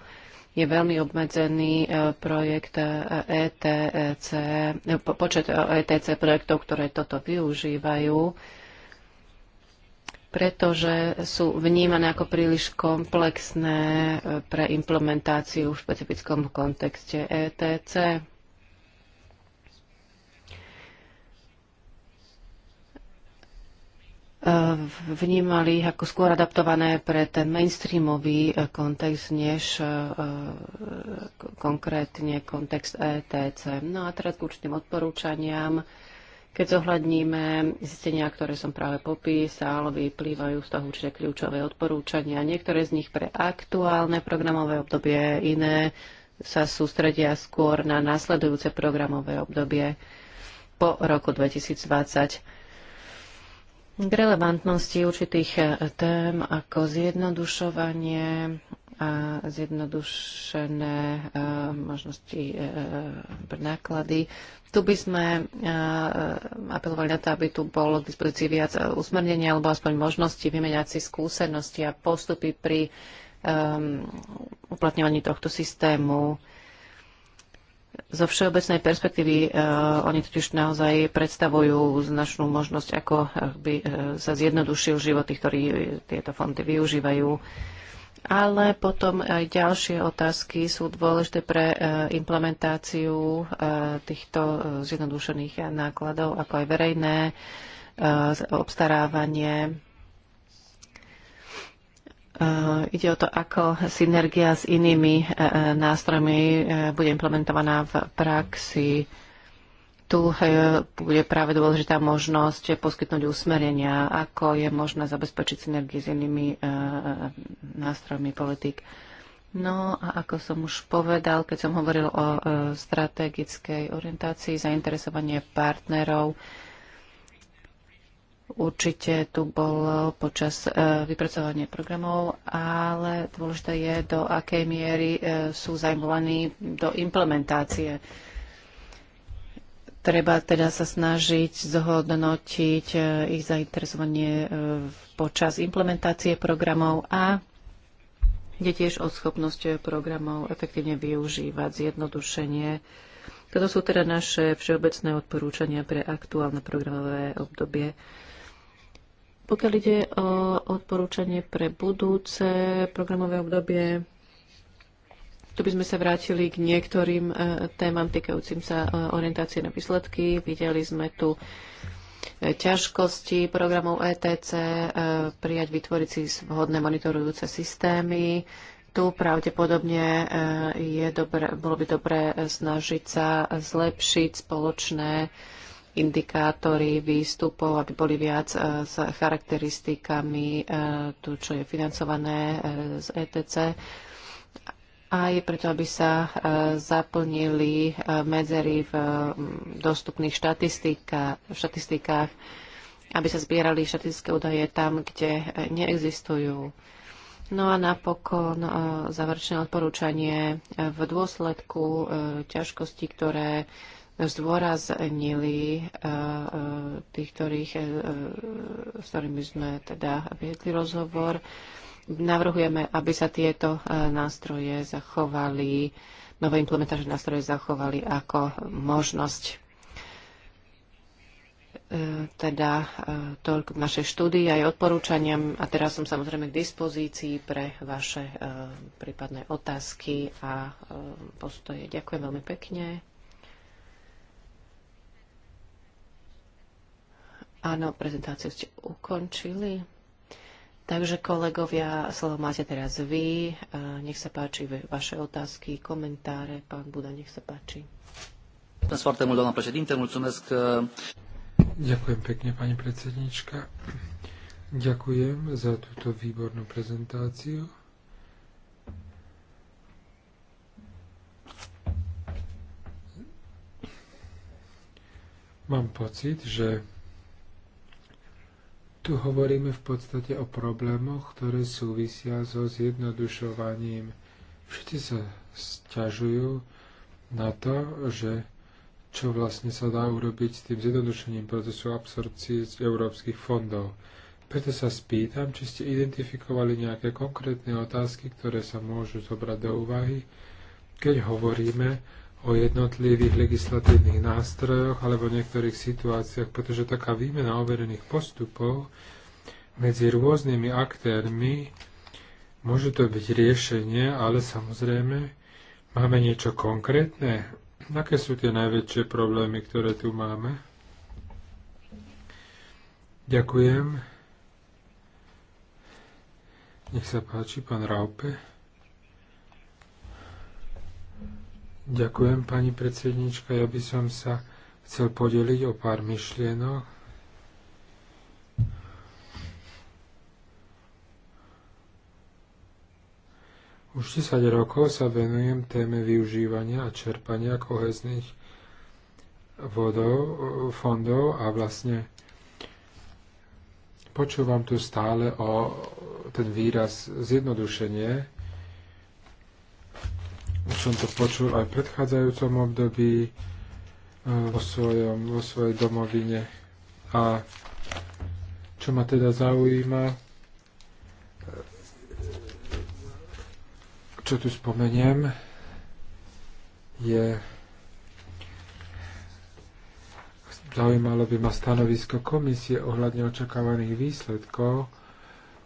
Je veľmi obmedzený projekt ETC, e e počet ETC e projektov, ktoré toto využívajú pretože sú vnímané ako príliš komplexné e, pre implementáciu v špecifickom kontexte ETC. E, vnímali ich ako skôr adaptované pre ten mainstreamový e, kontext, než konkrétne kontext ETC. No a teraz k určitým odporúčaniam keď zohľadníme zistenia, ktoré som práve popísal, vyplývajú z toho určite kľúčové odporúčania. Niektoré z nich pre aktuálne programové obdobie, iné sa sústredia skôr na nasledujúce programové obdobie po roku 2020. K relevantnosti určitých tém ako zjednodušovanie a zjednodušené e, možnosti pre e, náklady. Tu by sme e, apelovali na to, aby tu bolo k dispozícii viac usmernenia alebo aspoň možnosti vymeniať si skúsenosti a postupy pri uplatňovaní tohto systému. Zo všeobecnej perspektívy uh, oni totiž naozaj predstavujú značnú možnosť, ako by uh, sa zjednodušil život tých, ktorí tieto fondy využívajú. Uh, ale potom aj ďalšie otázky sú dôležité pre e, implementáciu e, týchto e, zjednodušených nákladov, ako aj verejné obstarávanie. Ide o to, ako synergia s inými nástrojmi bude implementovaná v praxi. Tu e, bude práve dôležitá možnosť poskytnúť usmerenia, ako je možné zabezpečiť synergie s inými e, e, nástrojmi politik. No a ako som už povedal, keď som hovoril o strategickej orientácii, zainteresovanie partnerov, určite tu bolo počas vypracovania programov, ale dôležité je, do akej miery sú zajmovaní do implementácie Treba teda sa snažiť zhodnotiť e, ich zainteresovanie e, počas implementácie programov a ide tiež o schopnosť e, programov efektívne využívať zjednodušenie. Toto sú teda naše všeobecné odporúčania pre aktuálne programové obdobie. Pokiaľ ide o odporúčanie pre budúce programové obdobie, tu by sme sa vrátili k niektorým e, témam týkajúcim sa e, orientácie na výsledky. Videli sme tu e, ťažkosti programov ETC, prijať, vytvoriť si vhodné monitorujúce systémy. Tu pravdepodobne je dobré, bolo by dobré snažiť sa zlepšiť spoločné indikátory výstupov, aby boli viac s charakteristikami tu, čo je financované z ETC aj preto, aby sa e, zaplnili e, medzery v e, dostupných štatistikách, aby sa zbierali štatistické údaje tam, kde neexistujú. No a napokon záverečné odporúčanie v dôsledku ťažkostí, ktoré zdôraznili tých, ktorých, s ktorými sme teda viedli rozhovor, Navrhujeme, aby sa tieto e, nástroje zachovali, nové implementačné nástroje zachovali ako možnosť e, teda e, toľko k našej štúdii aj odporúčaniam. A teraz som samozrejme k dispozícii pre vaše prípadné otázky a postoje. Ďakujem veľmi pekne. Áno, prezentáciu ste ukončili. Takže kolegovia, slovo máte teraz vy. Nech sa páči vaše otázky, komentáre. Pán Buda, nech sa páči. Uh, Ďakujem pekne, pani predsednička. Ďakujem za túto výbornú prezentáciu. Mám pocit, že tu hovoríme v podstate o problémoch, ktoré súvisia so zjednodušovaním. Všetci sa sťažujú na to, že čo vlastne sa dá urobiť s tým zjednodušením procesu absorpcie z európskych fondov. Preto sa spýtam, či ste identifikovali nejaké konkrétne otázky, ktoré sa môžu zobrať do úvahy, keď hovoríme o jednotlivých legislatívnych nástrojoch alebo v niektorých situáciách, pretože taká výmena overených postupov medzi rôznymi aktérmi môže to byť riešenie, ale samozrejme máme niečo konkrétne. Aké sú tie najväčšie problémy, ktoré tu máme? Ďakujem. Nech sa páči, pán Raupe. Ďakujem, pani predsednička. Ja by som sa chcel podeliť o pár myšlienok. Už 10 rokov sa venujem téme využívania a čerpania kohezných vodov, fondov a vlastne počúvam tu stále o ten výraz zjednodušenie už som to počul aj v predchádzajúcom období e, vo, svojom, vo svojej domovine. A čo ma teda zaujíma, e, čo tu spomeniem, je zaujímalo by ma stanovisko komisie ohľadne očakávaných výsledkov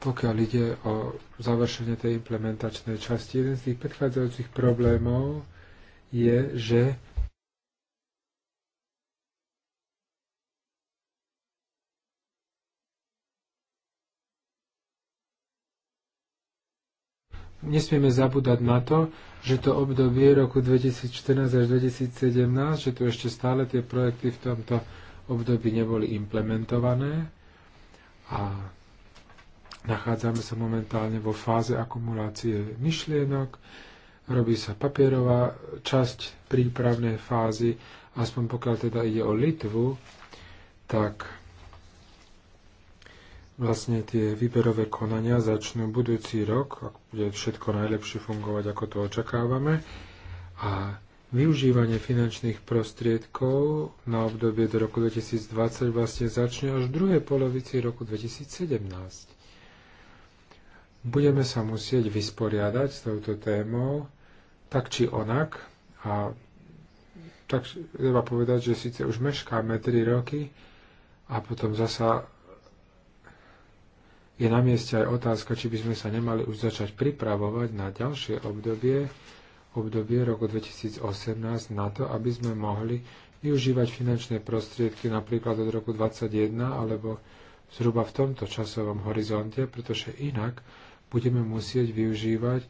pokiaľ ide o završenie tej implementačnej časti, jeden z tých predchádzajúcich problémov je, že nesmieme zabúdať na to, že to obdobie roku 2014 až 2017, že tu ešte stále tie projekty v tomto období neboli implementované a Nachádzame sa momentálne vo fáze akumulácie myšlienok, robí sa papierová časť prípravnej fázy, aspoň pokiaľ teda ide o Litvu, tak vlastne tie výberové konania začnú budúci rok, ak bude všetko najlepšie fungovať, ako to očakávame. A využívanie finančných prostriedkov na obdobie do roku 2020 vlastne začne až v druhej polovici roku 2017 budeme sa musieť vysporiadať s touto témou tak či onak a tak treba povedať, že síce už meškáme 3 roky a potom zasa je na mieste aj otázka, či by sme sa nemali už začať pripravovať na ďalšie obdobie, obdobie roku 2018 na to, aby sme mohli využívať finančné prostriedky napríklad od roku 2021 alebo zhruba v tomto časovom horizonte, pretože inak budeme musieť využívať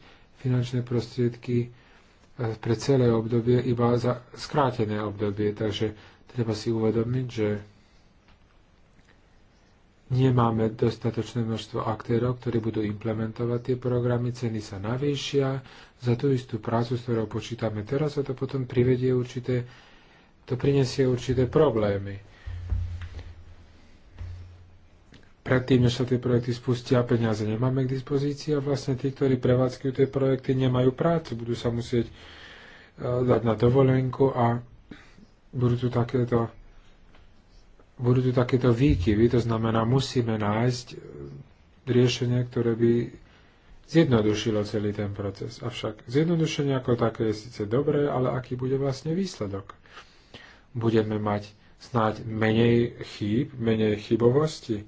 finančné prostriedky eh, pre celé obdobie, iba za skrátené obdobie. Takže treba si uvedomiť, že nemáme dostatočné množstvo aktérov, ktorí budú implementovať tie programy, ceny sa navýšia, za tú istú prácu, s ktorou počítame teraz, a to potom privedie určité, to prinesie určité problémy. predtým, než sa tie projekty spustia, peniaze nemáme k dispozícii a vlastne tí, ktorí prevádzkujú tie projekty, nemajú prácu, budú sa musieť e, dať na dovolenku a budú tu takéto budú tu takéto výkyvy, to znamená, musíme nájsť e, riešenie, ktoré by zjednodušilo celý ten proces. Avšak zjednodušenie ako také je síce dobré, ale aký bude vlastne výsledok? Budeme mať snáď menej chýb, menej chybovosti,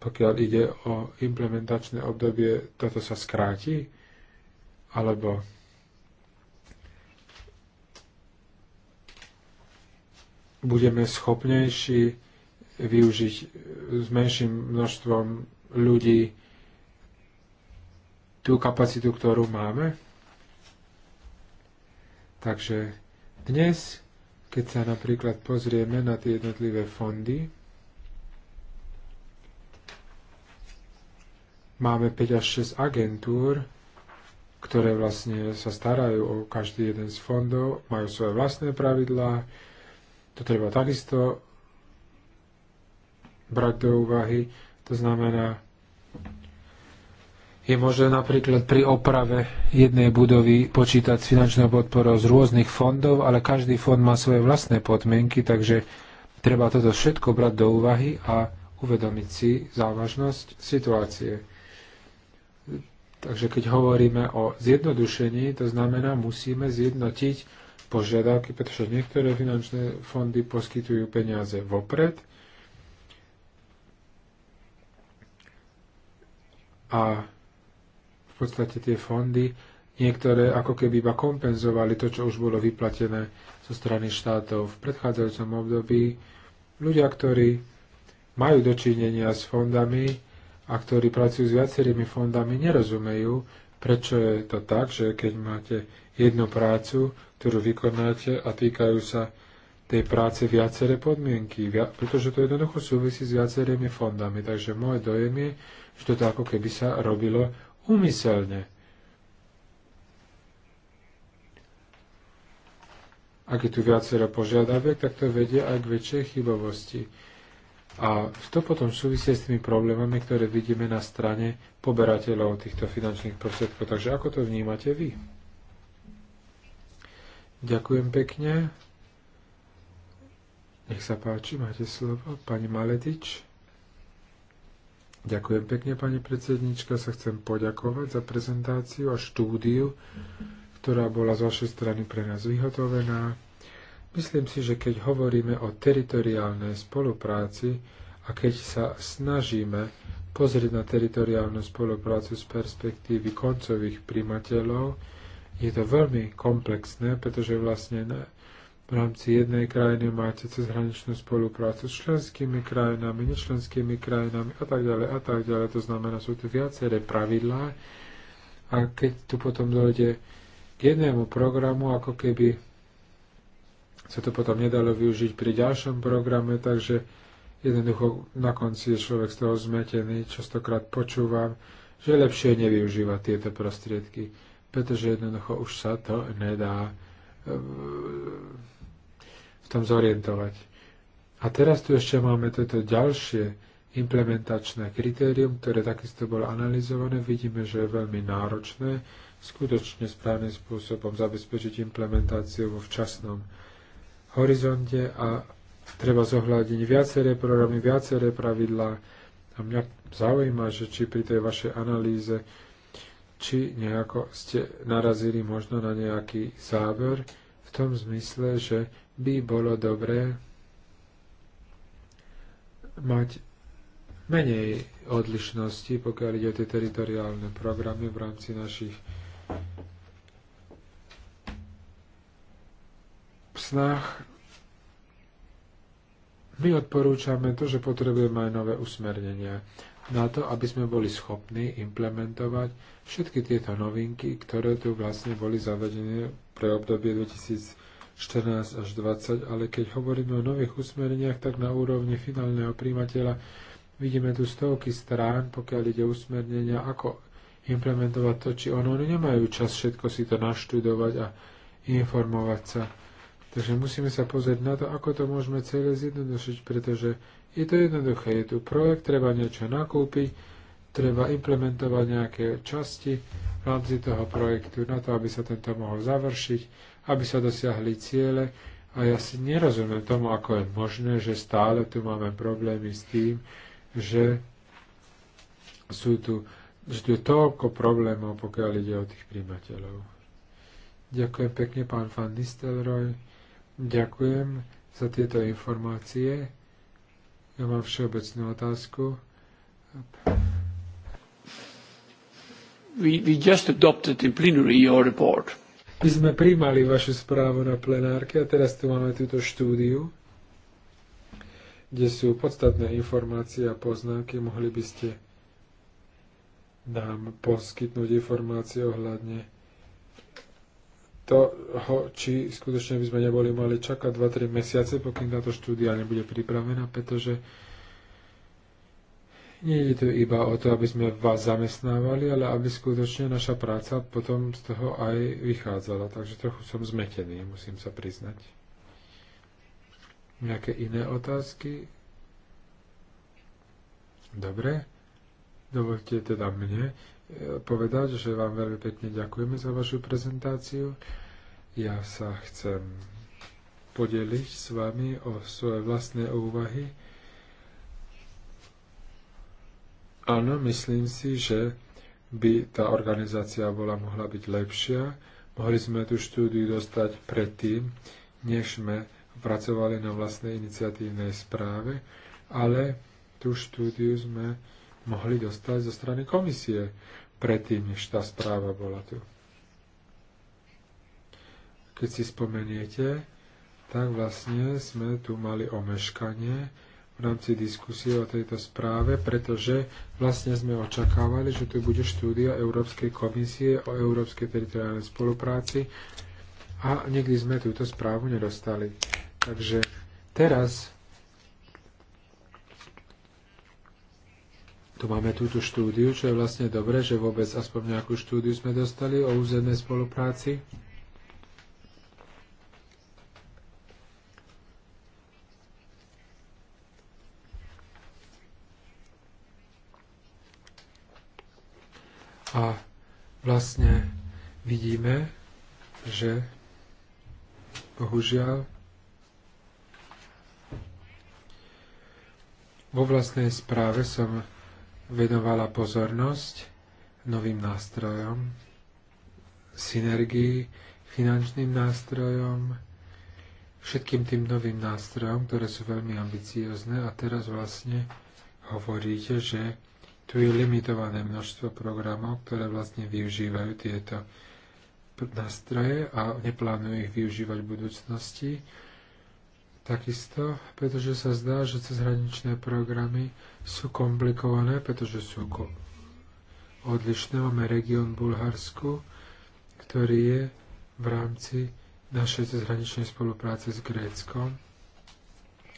pokiaľ ide o implementačné obdobie, toto sa skráti? Alebo budeme schopnejší využiť s menším množstvom ľudí tú kapacitu, ktorú máme? Takže dnes, keď sa napríklad pozrieme na tie jednotlivé fondy, Máme 5 až 6 agentúr, ktoré vlastne sa starajú o každý jeden z fondov, majú svoje vlastné pravidlá. To treba takisto brať do úvahy. To znamená, je možné napríklad pri oprave jednej budovy počítať s finančnou podporou z rôznych fondov, ale každý fond má svoje vlastné podmienky, takže treba toto všetko brať do úvahy a uvedomiť si závažnosť situácie. Takže keď hovoríme o zjednodušení, to znamená, musíme zjednotiť požiadavky, pretože niektoré finančné fondy poskytujú peniaze vopred a v podstate tie fondy niektoré ako keby iba kompenzovali to, čo už bolo vyplatené zo strany štátov v predchádzajúcom období. Ľudia, ktorí majú dočinenia s fondami, a ktorí pracujú s viacerými fondami, nerozumejú, prečo je to tak, že keď máte jednu prácu, ktorú vykonáte a týkajú sa tej práce viaceré podmienky, pretože to jednoducho súvisí s viacerými fondami. Takže môj dojem je, že to ako keby sa robilo úmyselne. Ak je tu viacero požiadaviek, tak to vedie aj k väčšej chybovosti. A to potom súvisí s tými problémami, ktoré vidíme na strane poberateľov týchto finančných prostriedkov. Takže ako to vnímate vy? Ďakujem pekne. Nech sa páči, máte slovo. Pani Maletič. Ďakujem pekne, pani predsednička. Sa chcem poďakovať za prezentáciu a štúdiu, ktorá bola z vašej strany pre nás vyhotovená. Myslím si, že keď hovoríme o teritoriálnej spolupráci a keď sa snažíme pozrieť na teritoriálnu spoluprácu z perspektívy koncových primateľov, je to veľmi komplexné, pretože vlastne ne, v rámci jednej krajiny máte cezhraničnú spoluprácu s členskými krajinami, nečlenskými krajinami a tak ďalej a tak ďalej. To znamená, sú tu viaceré pravidlá a keď tu potom dojde k jednému programu, ako keby sa to potom nedalo využiť pri ďalšom programe, takže jednoducho na konci je človek z toho zmetený, častokrát počúvam, že lepšie nevyužívať tieto prostriedky, pretože jednoducho už sa to nedá eh, v tom zorientovať. A teraz tu ešte máme toto ďalšie implementačné kritérium, ktoré takisto bolo analyzované. Vidíme, že je veľmi náročné skutočne správnym spôsobom zabezpečiť implementáciu vo včasnom horizonte a treba zohľadiť viaceré programy, viaceré pravidlá. A mňa zaujíma, že či pri tej vašej analýze, či nejako ste narazili možno na nejaký záver v tom zmysle, že by bolo dobré mať menej odlišnosti, pokiaľ ide o tie teritoriálne programy v rámci našich snách my odporúčame to, že potrebujeme aj nové usmernenia na to, aby sme boli schopní implementovať všetky tieto novinky, ktoré tu vlastne boli zavedené pre obdobie 2014 až 2020, ale keď hovoríme o nových usmereniach, tak na úrovni finálneho príjmateľa vidíme tu stovky strán, pokiaľ ide usmernenia, ako implementovať to, či ono. Oni nemajú čas všetko si to naštudovať a informovať sa Takže musíme sa pozrieť na to, ako to môžeme celé zjednodušiť, pretože je to jednoduché. Je tu projekt, treba niečo nakúpiť, treba implementovať nejaké časti v rámci toho projektu na to, aby sa tento mohol završiť, aby sa dosiahli ciele. A ja si nerozumiem tomu, ako je možné, že stále tu máme problémy s tým, že sú tu, že tu je toľko problémov, pokiaľ ide o tých príjmateľov. Ďakujem pekne, pán Van Nistelrooy. Ďakujem za tieto informácie. Ja mám všeobecnú otázku. We, we just adopted in plenary your report. My sme príjmali vašu správu na plenárke a teraz tu máme túto štúdiu, kde sú podstatné informácie a poznámky. Mohli by ste nám poskytnúť informácie ohľadne toho, či skutočne by sme neboli mali čakať 2-3 mesiace, pokým táto štúdia nebude pripravená, pretože nie je to iba o to, aby sme vás zamestnávali, ale aby skutočne naša práca potom z toho aj vychádzala. Takže trochu som zmetený, musím sa priznať. Nejaké iné otázky? Dobre. Dovolte teda mne eh, povedať, že vám veľmi pekne ďakujeme za vašu prezentáciu. Ja sa chcem podeliť s vami o svoje vlastné úvahy. Áno, myslím si, že by tá organizácia bola mohla byť lepšia. Mohli sme tú štúdiu dostať predtým, než sme pracovali na vlastnej iniciatívnej správe, ale tú štúdiu sme mohli dostať zo strany komisie predtým, než tá správa bola tu. Keď si spomeniete, tak vlastne sme tu mali omeškanie v rámci diskusie o tejto správe, pretože vlastne sme očakávali, že tu bude štúdia Európskej komisie o európskej teritoriálnej spolupráci a nikdy sme túto správu nedostali. Takže teraz tu máme túto štúdiu, čo je vlastne dobré, že vôbec aspoň nejakú štúdiu sme dostali o územnej spolupráci. vlastne vidíme, že bohužiaľ vo vlastnej správe som venovala pozornosť novým nástrojom, synergii, finančným nástrojom, všetkým tým novým nástrojom, ktoré sú veľmi ambiciozne a teraz vlastne hovoríte, že tu je limitované množstvo programov, ktoré vlastne využívajú tieto nástroje a neplánujú ich využívať v budúcnosti. Takisto, pretože sa zdá, že cezhraničné programy sú komplikované, pretože sú odlišné. Máme región Bulharsku, ktorý je v rámci našej cezhraničnej spolupráce s Gréckom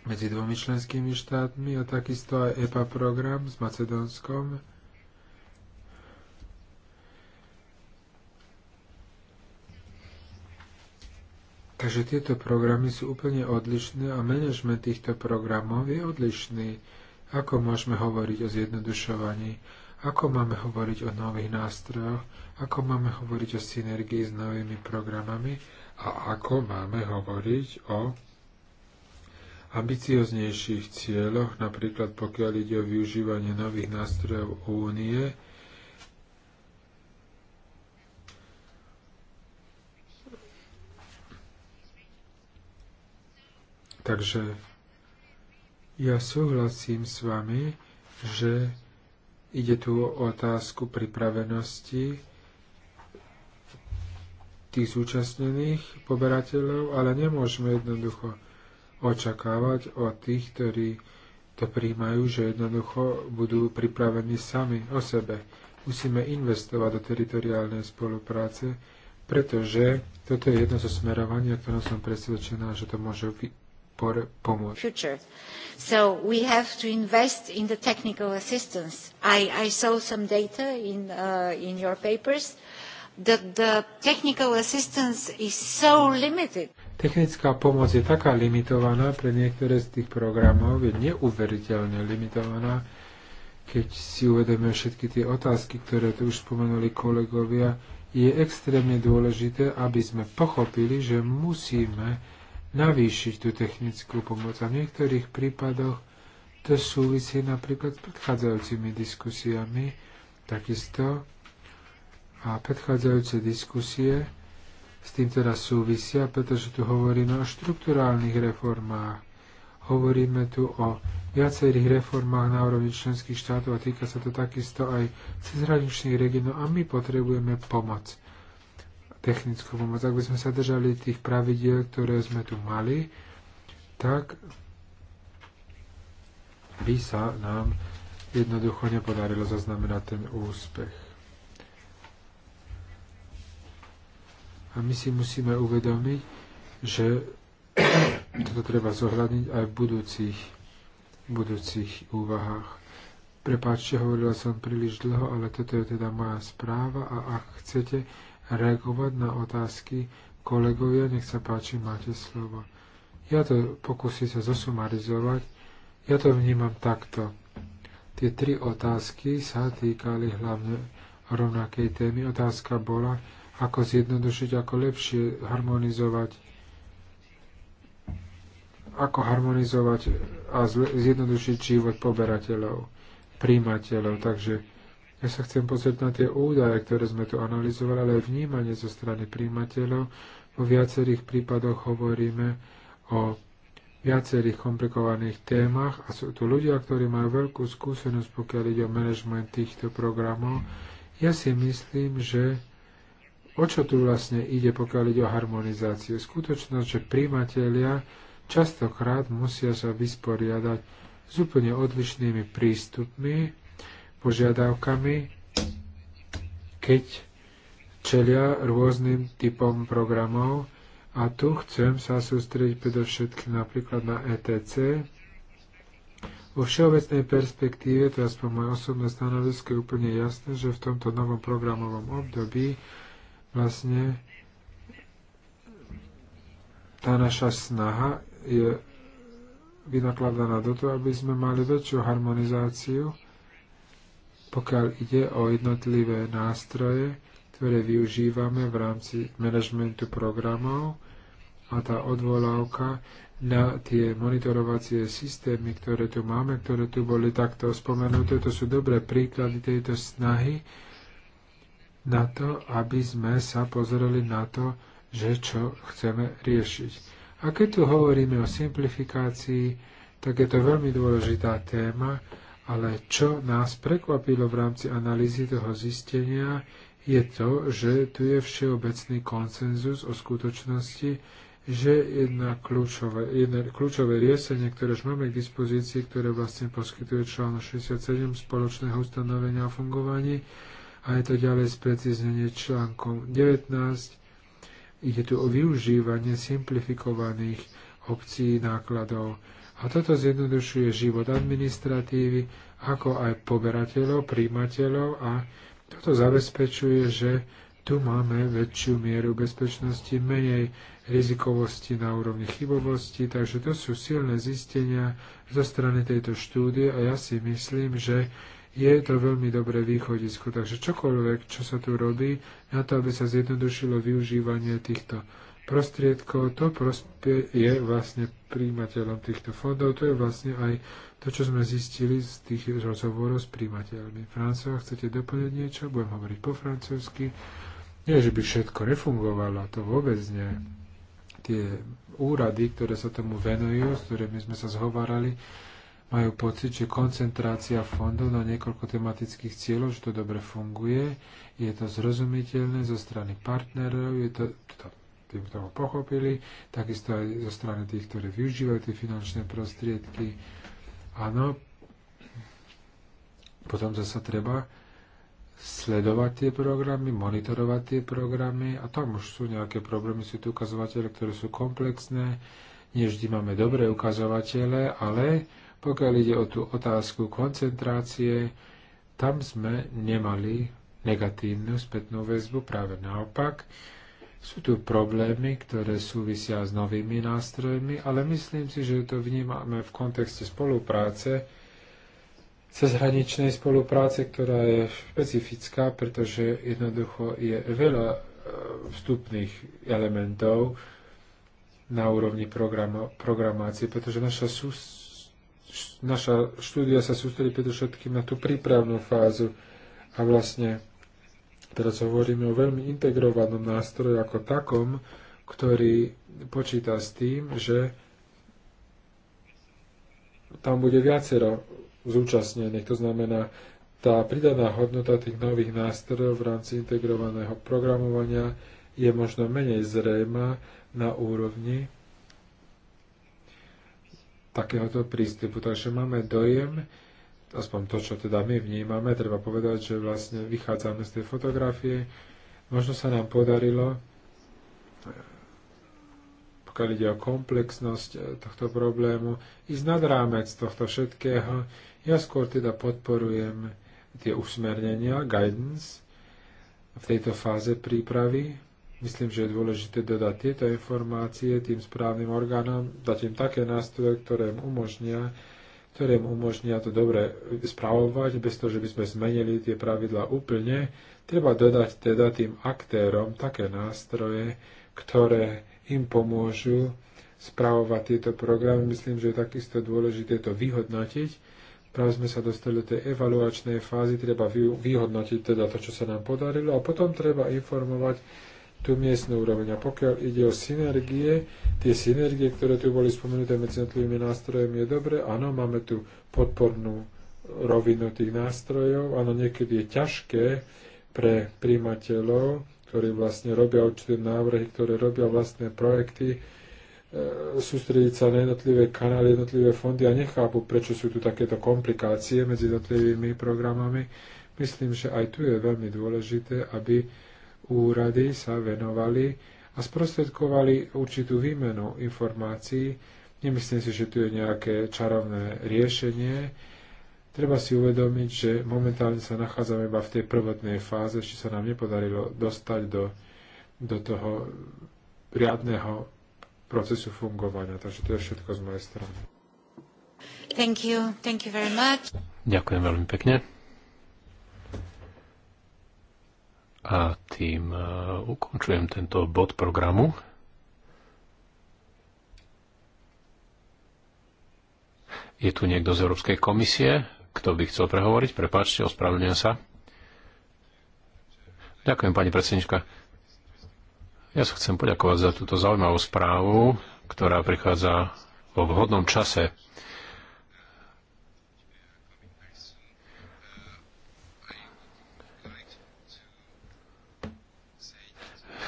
medzi dvomi členskými štátmi a takisto aj EPA program s Macedónskom. Takže tieto programy sú úplne odlišné a manažment týchto programov je odlišný. Ako môžeme hovoriť o zjednodušovaní? Ako máme hovoriť o nových nástrojoch? Ako máme hovoriť o synergii s novými programami? A ako máme hovoriť o ambicioznejších cieľoch, napríklad pokiaľ ide o využívanie nových nástrojov únie, Takže ja súhlasím s vami, že ide tu o otázku pripravenosti tých zúčastnených poberateľov, ale nemôžeme jednoducho očakávať od tých, ktorí to príjmajú, že jednoducho budú pripravení sami o sebe. Musíme investovať do teritoriálnej spolupráce, pretože toto je jedno zo smerovaní, o ktorom som presvedčená, že to môže pomôcť. So we have to invest in the technical assistance. I, I saw some data in, uh, in your papers The the technical assistance is so limited. Technická pomoc je taká limitovaná pre niektoré z tých programov, je neuveriteľne limitovaná, keď si uvedeme všetky tie otázky, ktoré tu už spomenuli kolegovia, je extrémne dôležité, aby sme pochopili, že musíme navýšiť tú technickú pomoc. A v niektorých prípadoch to súvisí napríklad s predchádzajúcimi diskusiami, takisto a predchádzajúce diskusie s tým teraz súvisia, pretože tu hovoríme o štruktúrálnych reformách. Hovoríme tu o viacerých reformách na úrovni členských štátov a týka sa to takisto aj cezhraničných regionov a my potrebujeme pomoc technickú pomoc. Ak by sme sa držali tých pravidiel, ktoré sme tu mali, tak by sa nám jednoducho nepodarilo zaznamenať ten úspech. A my si musíme uvedomiť, že toto treba zohľadniť aj v budúcich, budúcich úvahách. Prepáčte, hovorila som príliš dlho, ale toto je teda moja správa a ak chcete reagovať na otázky kolegovia, nech sa páči, máte slovo. Ja to pokúsim sa zosumarizovať. Ja to vnímam takto. Tie tri otázky sa týkali hlavne rovnakej témy. Otázka bola, ako zjednodušiť, ako lepšie harmonizovať ako harmonizovať a zjednodušiť život poberateľov, príjmateľov. Takže ja sa chcem pozrieť na tie údaje, ktoré sme tu analyzovali, ale aj vnímanie zo strany príjmateľov. Vo viacerých prípadoch hovoríme o viacerých komplikovaných témach a sú tu ľudia, ktorí majú veľkú skúsenosť, pokiaľ ide o manažment týchto programov. Ja si myslím, že o čo tu vlastne ide, pokiaľ ide o harmonizáciu? Skutočnosť, že príjmatelia častokrát musia sa vysporiadať s úplne odlišnými prístupmi, požiadavkami, keď čelia rôznym typom programov. A tu chcem sa sústrediť predovšetkým napríklad na ETC. Vo všeobecnej perspektíve, to je aspoň moje osobné stanovisko je úplne jasné, že v tomto novom programovom období vlastne tá naša snaha je vynakladaná do toho, aby sme mali väčšiu harmonizáciu, pokiaľ ide o jednotlivé nástroje, ktoré využívame v rámci manažmentu programov a tá odvolávka na tie monitorovacie systémy, ktoré tu máme, ktoré tu boli takto spomenuté. To sú dobré príklady tejto snahy na to, aby sme sa pozreli na to, že čo chceme riešiť. A keď tu hovoríme o simplifikácii, tak je to veľmi dôležitá téma, ale čo nás prekvapilo v rámci analýzy toho zistenia, je to, že tu je všeobecný konsenzus o skutočnosti, že jedna kľúčové, jedna kľúčové riešenie, ktoré už máme k dispozícii, ktoré vlastne poskytuje článok 67 spoločného ustanovenia o fungovaní, a je to ďalej spreciznenie článkom 19. Ide tu o využívanie simplifikovaných obcí nákladov. A toto zjednodušuje život administratívy, ako aj poberateľov, príjimateľov a toto zabezpečuje, že tu máme väčšiu mieru bezpečnosti, menej rizikovosti na úrovni chybovosti, takže to sú silné zistenia zo strany tejto štúdie a ja si myslím, že je to veľmi dobré východisko. Takže čokoľvek, čo sa tu robí, na to, aby sa zjednodušilo využívanie týchto prostriedkov, to prospie je vlastne príjimateľom týchto fondov. To je vlastne aj to, čo sme zistili z tých rozhovorov s príjimateľmi. Francova, chcete doplniť niečo? Budem hovoriť po francúzsky. Nie, že by všetko nefungovalo, to vôbec nie. Tie úrady, ktoré sa tomu venujú, s ktorými sme sa zhovárali, majú pocit, že koncentrácia fondov na niekoľko tematických cieľov, že to dobre funguje, je to zrozumiteľné zo strany partnerov, je to, to tým toho pochopili, takisto aj zo strany tých, ktorí využívajú tie finančné prostriedky. Áno, potom zase treba sledovať tie programy, monitorovať tie programy a tam už sú nejaké problémy, sú tu ukazovatele, ktoré sú komplexné, nie vždy máme dobré ukazovatele, ale pokiaľ ide o tú otázku koncentrácie, tam sme nemali negatívnu spätnú väzbu, práve naopak. Sú tu problémy, ktoré súvisia s novými nástrojmi, ale myslím si, že to vnímame v kontexte spolupráce, cezhraničnej spolupráce, ktorá je špecifická, pretože jednoducho je veľa e, vstupných elementov na úrovni programácie, pretože naša naša štúdia sa sústredí predovšetkým na tú prípravnú fázu a vlastne teraz hovoríme o veľmi integrovanom nástroji ako takom, ktorý počíta s tým, že tam bude viacero zúčastnených. To znamená, tá pridaná hodnota tých nových nástrojov v rámci integrovaného programovania je možno menej zrejma na úrovni takéhoto prístupu. Takže máme dojem, aspoň to, čo teda my vnímame, treba povedať, že vlastne vychádzame z tej fotografie. Možno sa nám podarilo, pokiaľ ide o komplexnosť eh, tohto problému, ísť nad rámec tohto všetkého. Ja skôr teda podporujem tie usmernenia, guidance v tejto fáze prípravy Myslím, že je dôležité dodať tieto informácie tým správnym orgánom, dať im také nástroje, ktoré im umožnia, ktoré im umožnia to dobre spravovať, bez toho, že by sme zmenili tie pravidla úplne. Treba dodať teda tým aktérom také nástroje, ktoré im pomôžu spravovať tieto programy. Myslím, že je takisto dôležité to vyhodnotiť. Práve sme sa dostali do tej evaluačnej fázy, treba vyhodnotiť teda to, čo sa nám podarilo a potom treba informovať tú miestnú úroveň. A pokiaľ ide o synergie, tie synergie, ktoré tu boli spomenuté medzi jednotlivými nástrojmi, je dobre. Áno, máme tu podpornú rovinu tých nástrojov. Áno, niekedy je ťažké pre príjimateľov, ktorí vlastne robia určité návrhy, ktoré robia vlastné projekty, e, sústrediť sa na jednotlivé kanály, jednotlivé fondy a nechápu, prečo sú tu takéto komplikácie medzi jednotlivými programami. Myslím, že aj tu je veľmi dôležité, aby úrady sa venovali a sprostredkovali určitú výmenu informácií. Nemyslím si, že tu je nejaké čarovné riešenie. Treba si uvedomiť, že momentálne sa nachádzame iba v tej prvotnej fáze, či sa nám nepodarilo dostať do, do toho riadného procesu fungovania. Takže to je všetko z mojej strany. Thank you. Thank you very much. Ďakujem veľmi pekne. A tým e, ukončujem tento bod programu. Je tu niekto z Európskej komisie, kto by chcel prehovoriť? Prepáčte, ospravedlňujem sa. Ďakujem, pani predsednička. Ja sa chcem poďakovať za túto zaujímavú správu, ktorá prichádza vo vhodnom čase.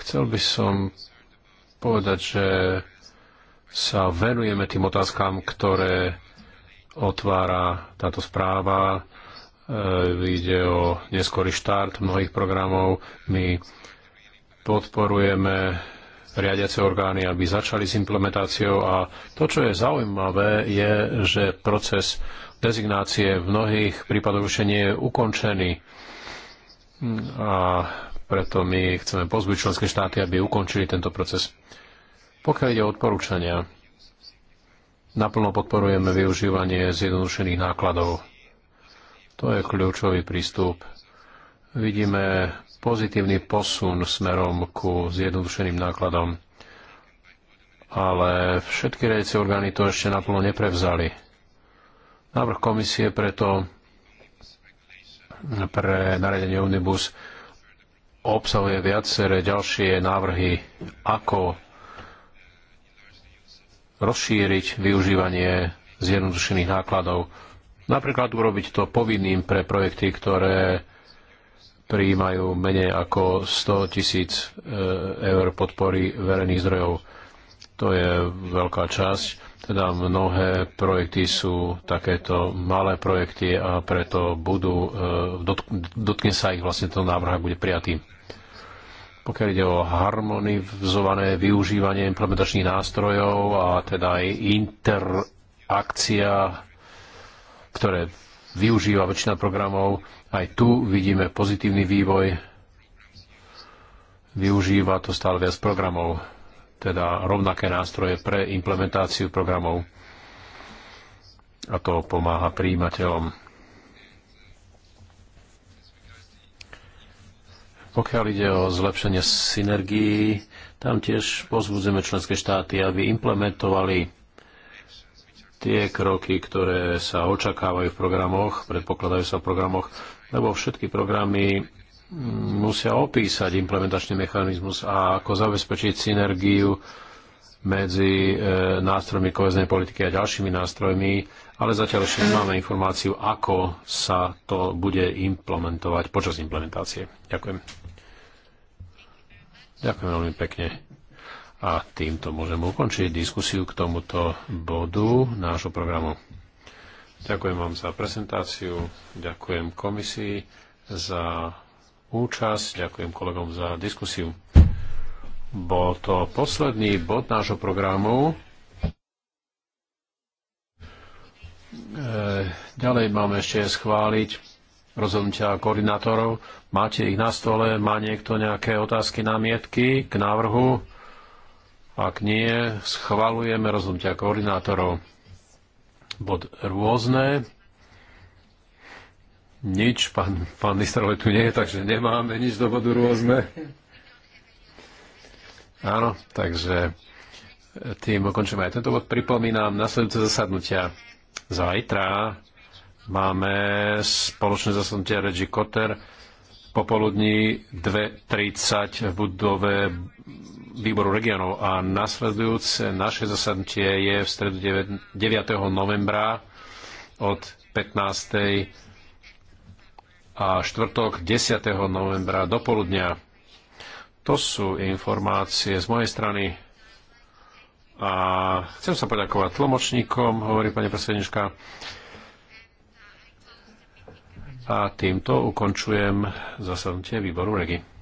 Chcel by som povedať, že sa venujeme tým otázkam, ktoré otvára táto správa. E, ide o neskorý štart mnohých programov. My podporujeme riadiace orgány, aby začali s implementáciou a to, čo je zaujímavé, je, že proces dezignácie v mnohých prípadoch už nie je ukončený a preto my chceme pozbyť členské štáty, aby ukončili tento proces. Pokiaľ ide o odporúčania, naplno podporujeme využívanie zjednodušených nákladov. To je kľúčový prístup. Vidíme pozitívny posun smerom ku zjednodušeným nákladom, ale všetky rejce orgány to ešte naplno neprevzali. Návrh komisie preto pre nariadenie Omnibus obsahuje viaceré ďalšie návrhy, ako rozšíriť využívanie zjednodušených nákladov. Napríklad urobiť to povinným pre projekty, ktoré prijímajú menej ako 100 tisíc e, eur podpory verejných zdrojov. To je veľká časť. Teda mnohé projekty sú takéto malé projekty a preto budú, e, dotkne sa ich vlastne to návrh, bude prijatý pokiaľ ide o harmonizované využívanie implementačných nástrojov a teda aj interakcia, ktoré využíva väčšina programov. Aj tu vidíme pozitívny vývoj. Využíva to stále viac programov, teda rovnaké nástroje pre implementáciu programov. A to pomáha príjimateľom. Pokiaľ ide o zlepšenie synergií, tam tiež pozbudzujeme členské štáty, aby implementovali tie kroky, ktoré sa očakávajú v programoch, predpokladajú sa v programoch, lebo všetky programy musia opísať implementačný mechanizmus a ako zabezpečiť synergiu medzi e, nástrojmi koheznej politiky a ďalšími nástrojmi, ale zatiaľ ešte nemáme informáciu, ako sa to bude implementovať počas implementácie. Ďakujem. Ďakujem veľmi pekne. A týmto môžeme ukončiť diskusiu k tomuto bodu nášho programu. Ďakujem vám za prezentáciu, ďakujem komisii za účasť, ďakujem kolegom za diskusiu. Bol to posledný bod nášho programu. E, ďalej máme ešte schváliť rozhodnutia koordinátorov Máte ich na stole, má niekto nejaké otázky, námietky k návrhu? Ak nie, schvalujeme rozhodnutia koordinátorov. Bod rôzne. Nič, pán, pán Nistrole tu nie je, takže nemáme nič do bodu rôzne. Áno, takže tým ukončíme aj tento bod. Pripomínam nasledujúce zasadnutia. Zajtra máme spoločné zasadnutie Regi Kotter popoludní 2.30 v budove výboru regionov a nasledujúce naše zasadnutie je v stredu 9. novembra od 15. a štvrtok 10. novembra do poludnia. To sú informácie z mojej strany a chcem sa poďakovať tlmočníkom, hovorí pani predsednička a týmto ukončujem zasadnutie výboru REGI.